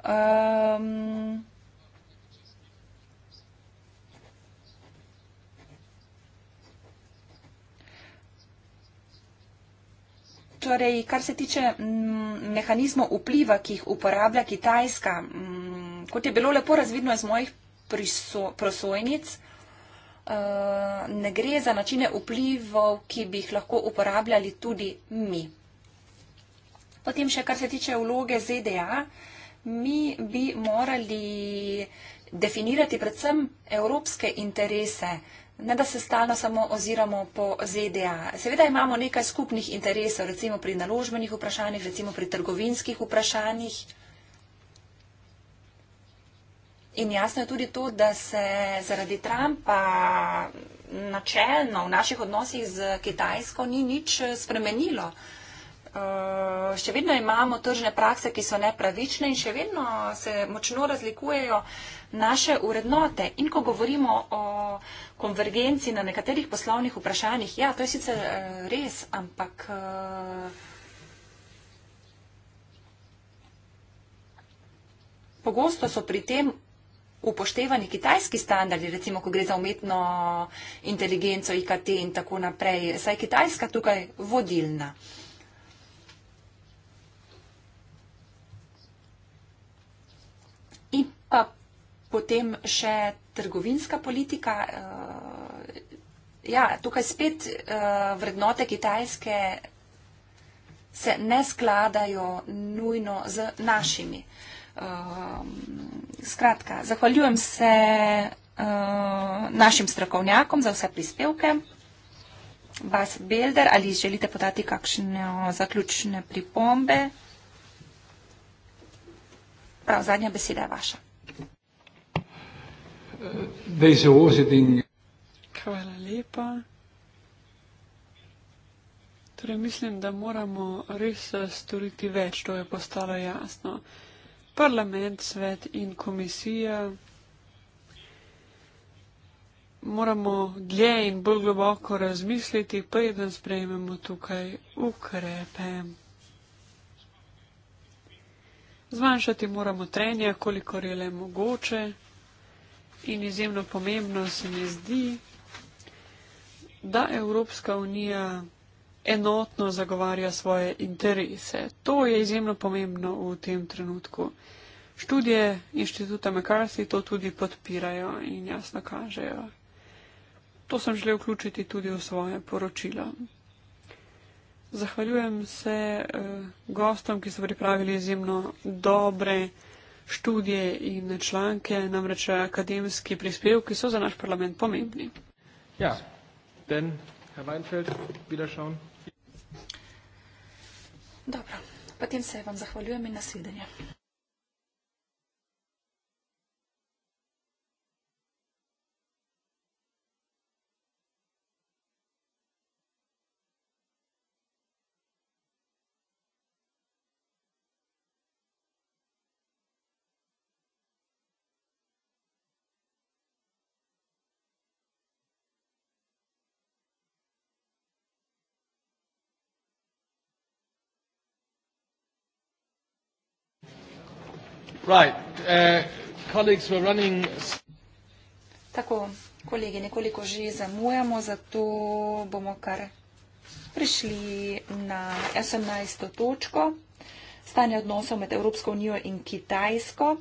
Um, Torej, kar se tiče mm, mehanizmov vpliva, ki jih uporablja Kitajska, mm, kot je bilo lepo razvidno iz mojih priso, prosojnic, eh, ne gre za načine vplivov, ki bi jih lahko uporabljali tudi mi. Potem še kar se tiče vloge ZDA, mi bi morali definirati predvsem evropske interese ne da se stalno samo oziramo po ZDA. Seveda imamo nekaj skupnih interesov, recimo pri naložbenih vprašanjih, recimo pri trgovinskih vprašanjih. In jasno je tudi to, da se zaradi Trumpa načelno v naših odnosih z Kitajsko ni nič spremenilo. Eh, še vedno imamo tržne prakse, ki so nepravične in še vedno se močno razlikujejo naše urednote. In ko govorimo o konvergenci na nekaterih poslovnih vprašanjih, ja, to je sicer eh, res, ampak. Eh, pogosto so pri tem upoštevani kitajski standardi, recimo, ko gre za umetno inteligenco IKT in tako naprej. Saj je Kitajska tukaj vodilna. Uh, Potem še trgovinska politika. Eh, ja, tukaj spet eh, vrednote kitajske se ne skladajo nujno z našimi. Eh, skratka, zahvaljujem se našim strokovnjakom za vse prispevke. Vas Belder, ali želite podati kakšne zaključne pripombe? Prav, zadnja beseda je vaša deze oorzitting. Hvala lepa. Torej, mislim, da moramo res eh, storiti več, to je postalo jasno. Parlament, svet in komisija. Moramo dlje in bolj globoko razmisliti, preden sprejmemo tukaj ukrepe. Zmanjšati moramo trenja, kolikor je le mogoče in izjemno pomembno se mi zdi, da Evropska unija enotno zagovarja svoje interese. To je izjemno pomembno v tem trenutku. Študije inštituta McCarthy to tudi podpirajo in jasno kažejo. To sem želel vključiti tudi v svoje poročilo. Zahvaljujem se uh, gostom, ki so pripravili izjemno dobre študije in članke, namreč akademski prispevki so za naš parlament pomembni. Ja, ten, herr Weinfeld, wiederschauen. Dobro, potem se vam zahvaljujem in nasvidenje. Right. Uh, colleagues, we're running... Tako, kolegi, nekoliko že zamujamo, zato bomo kar prišli na 18. točko. Stanje odnosov med Evropsko unijo in Kitajsko.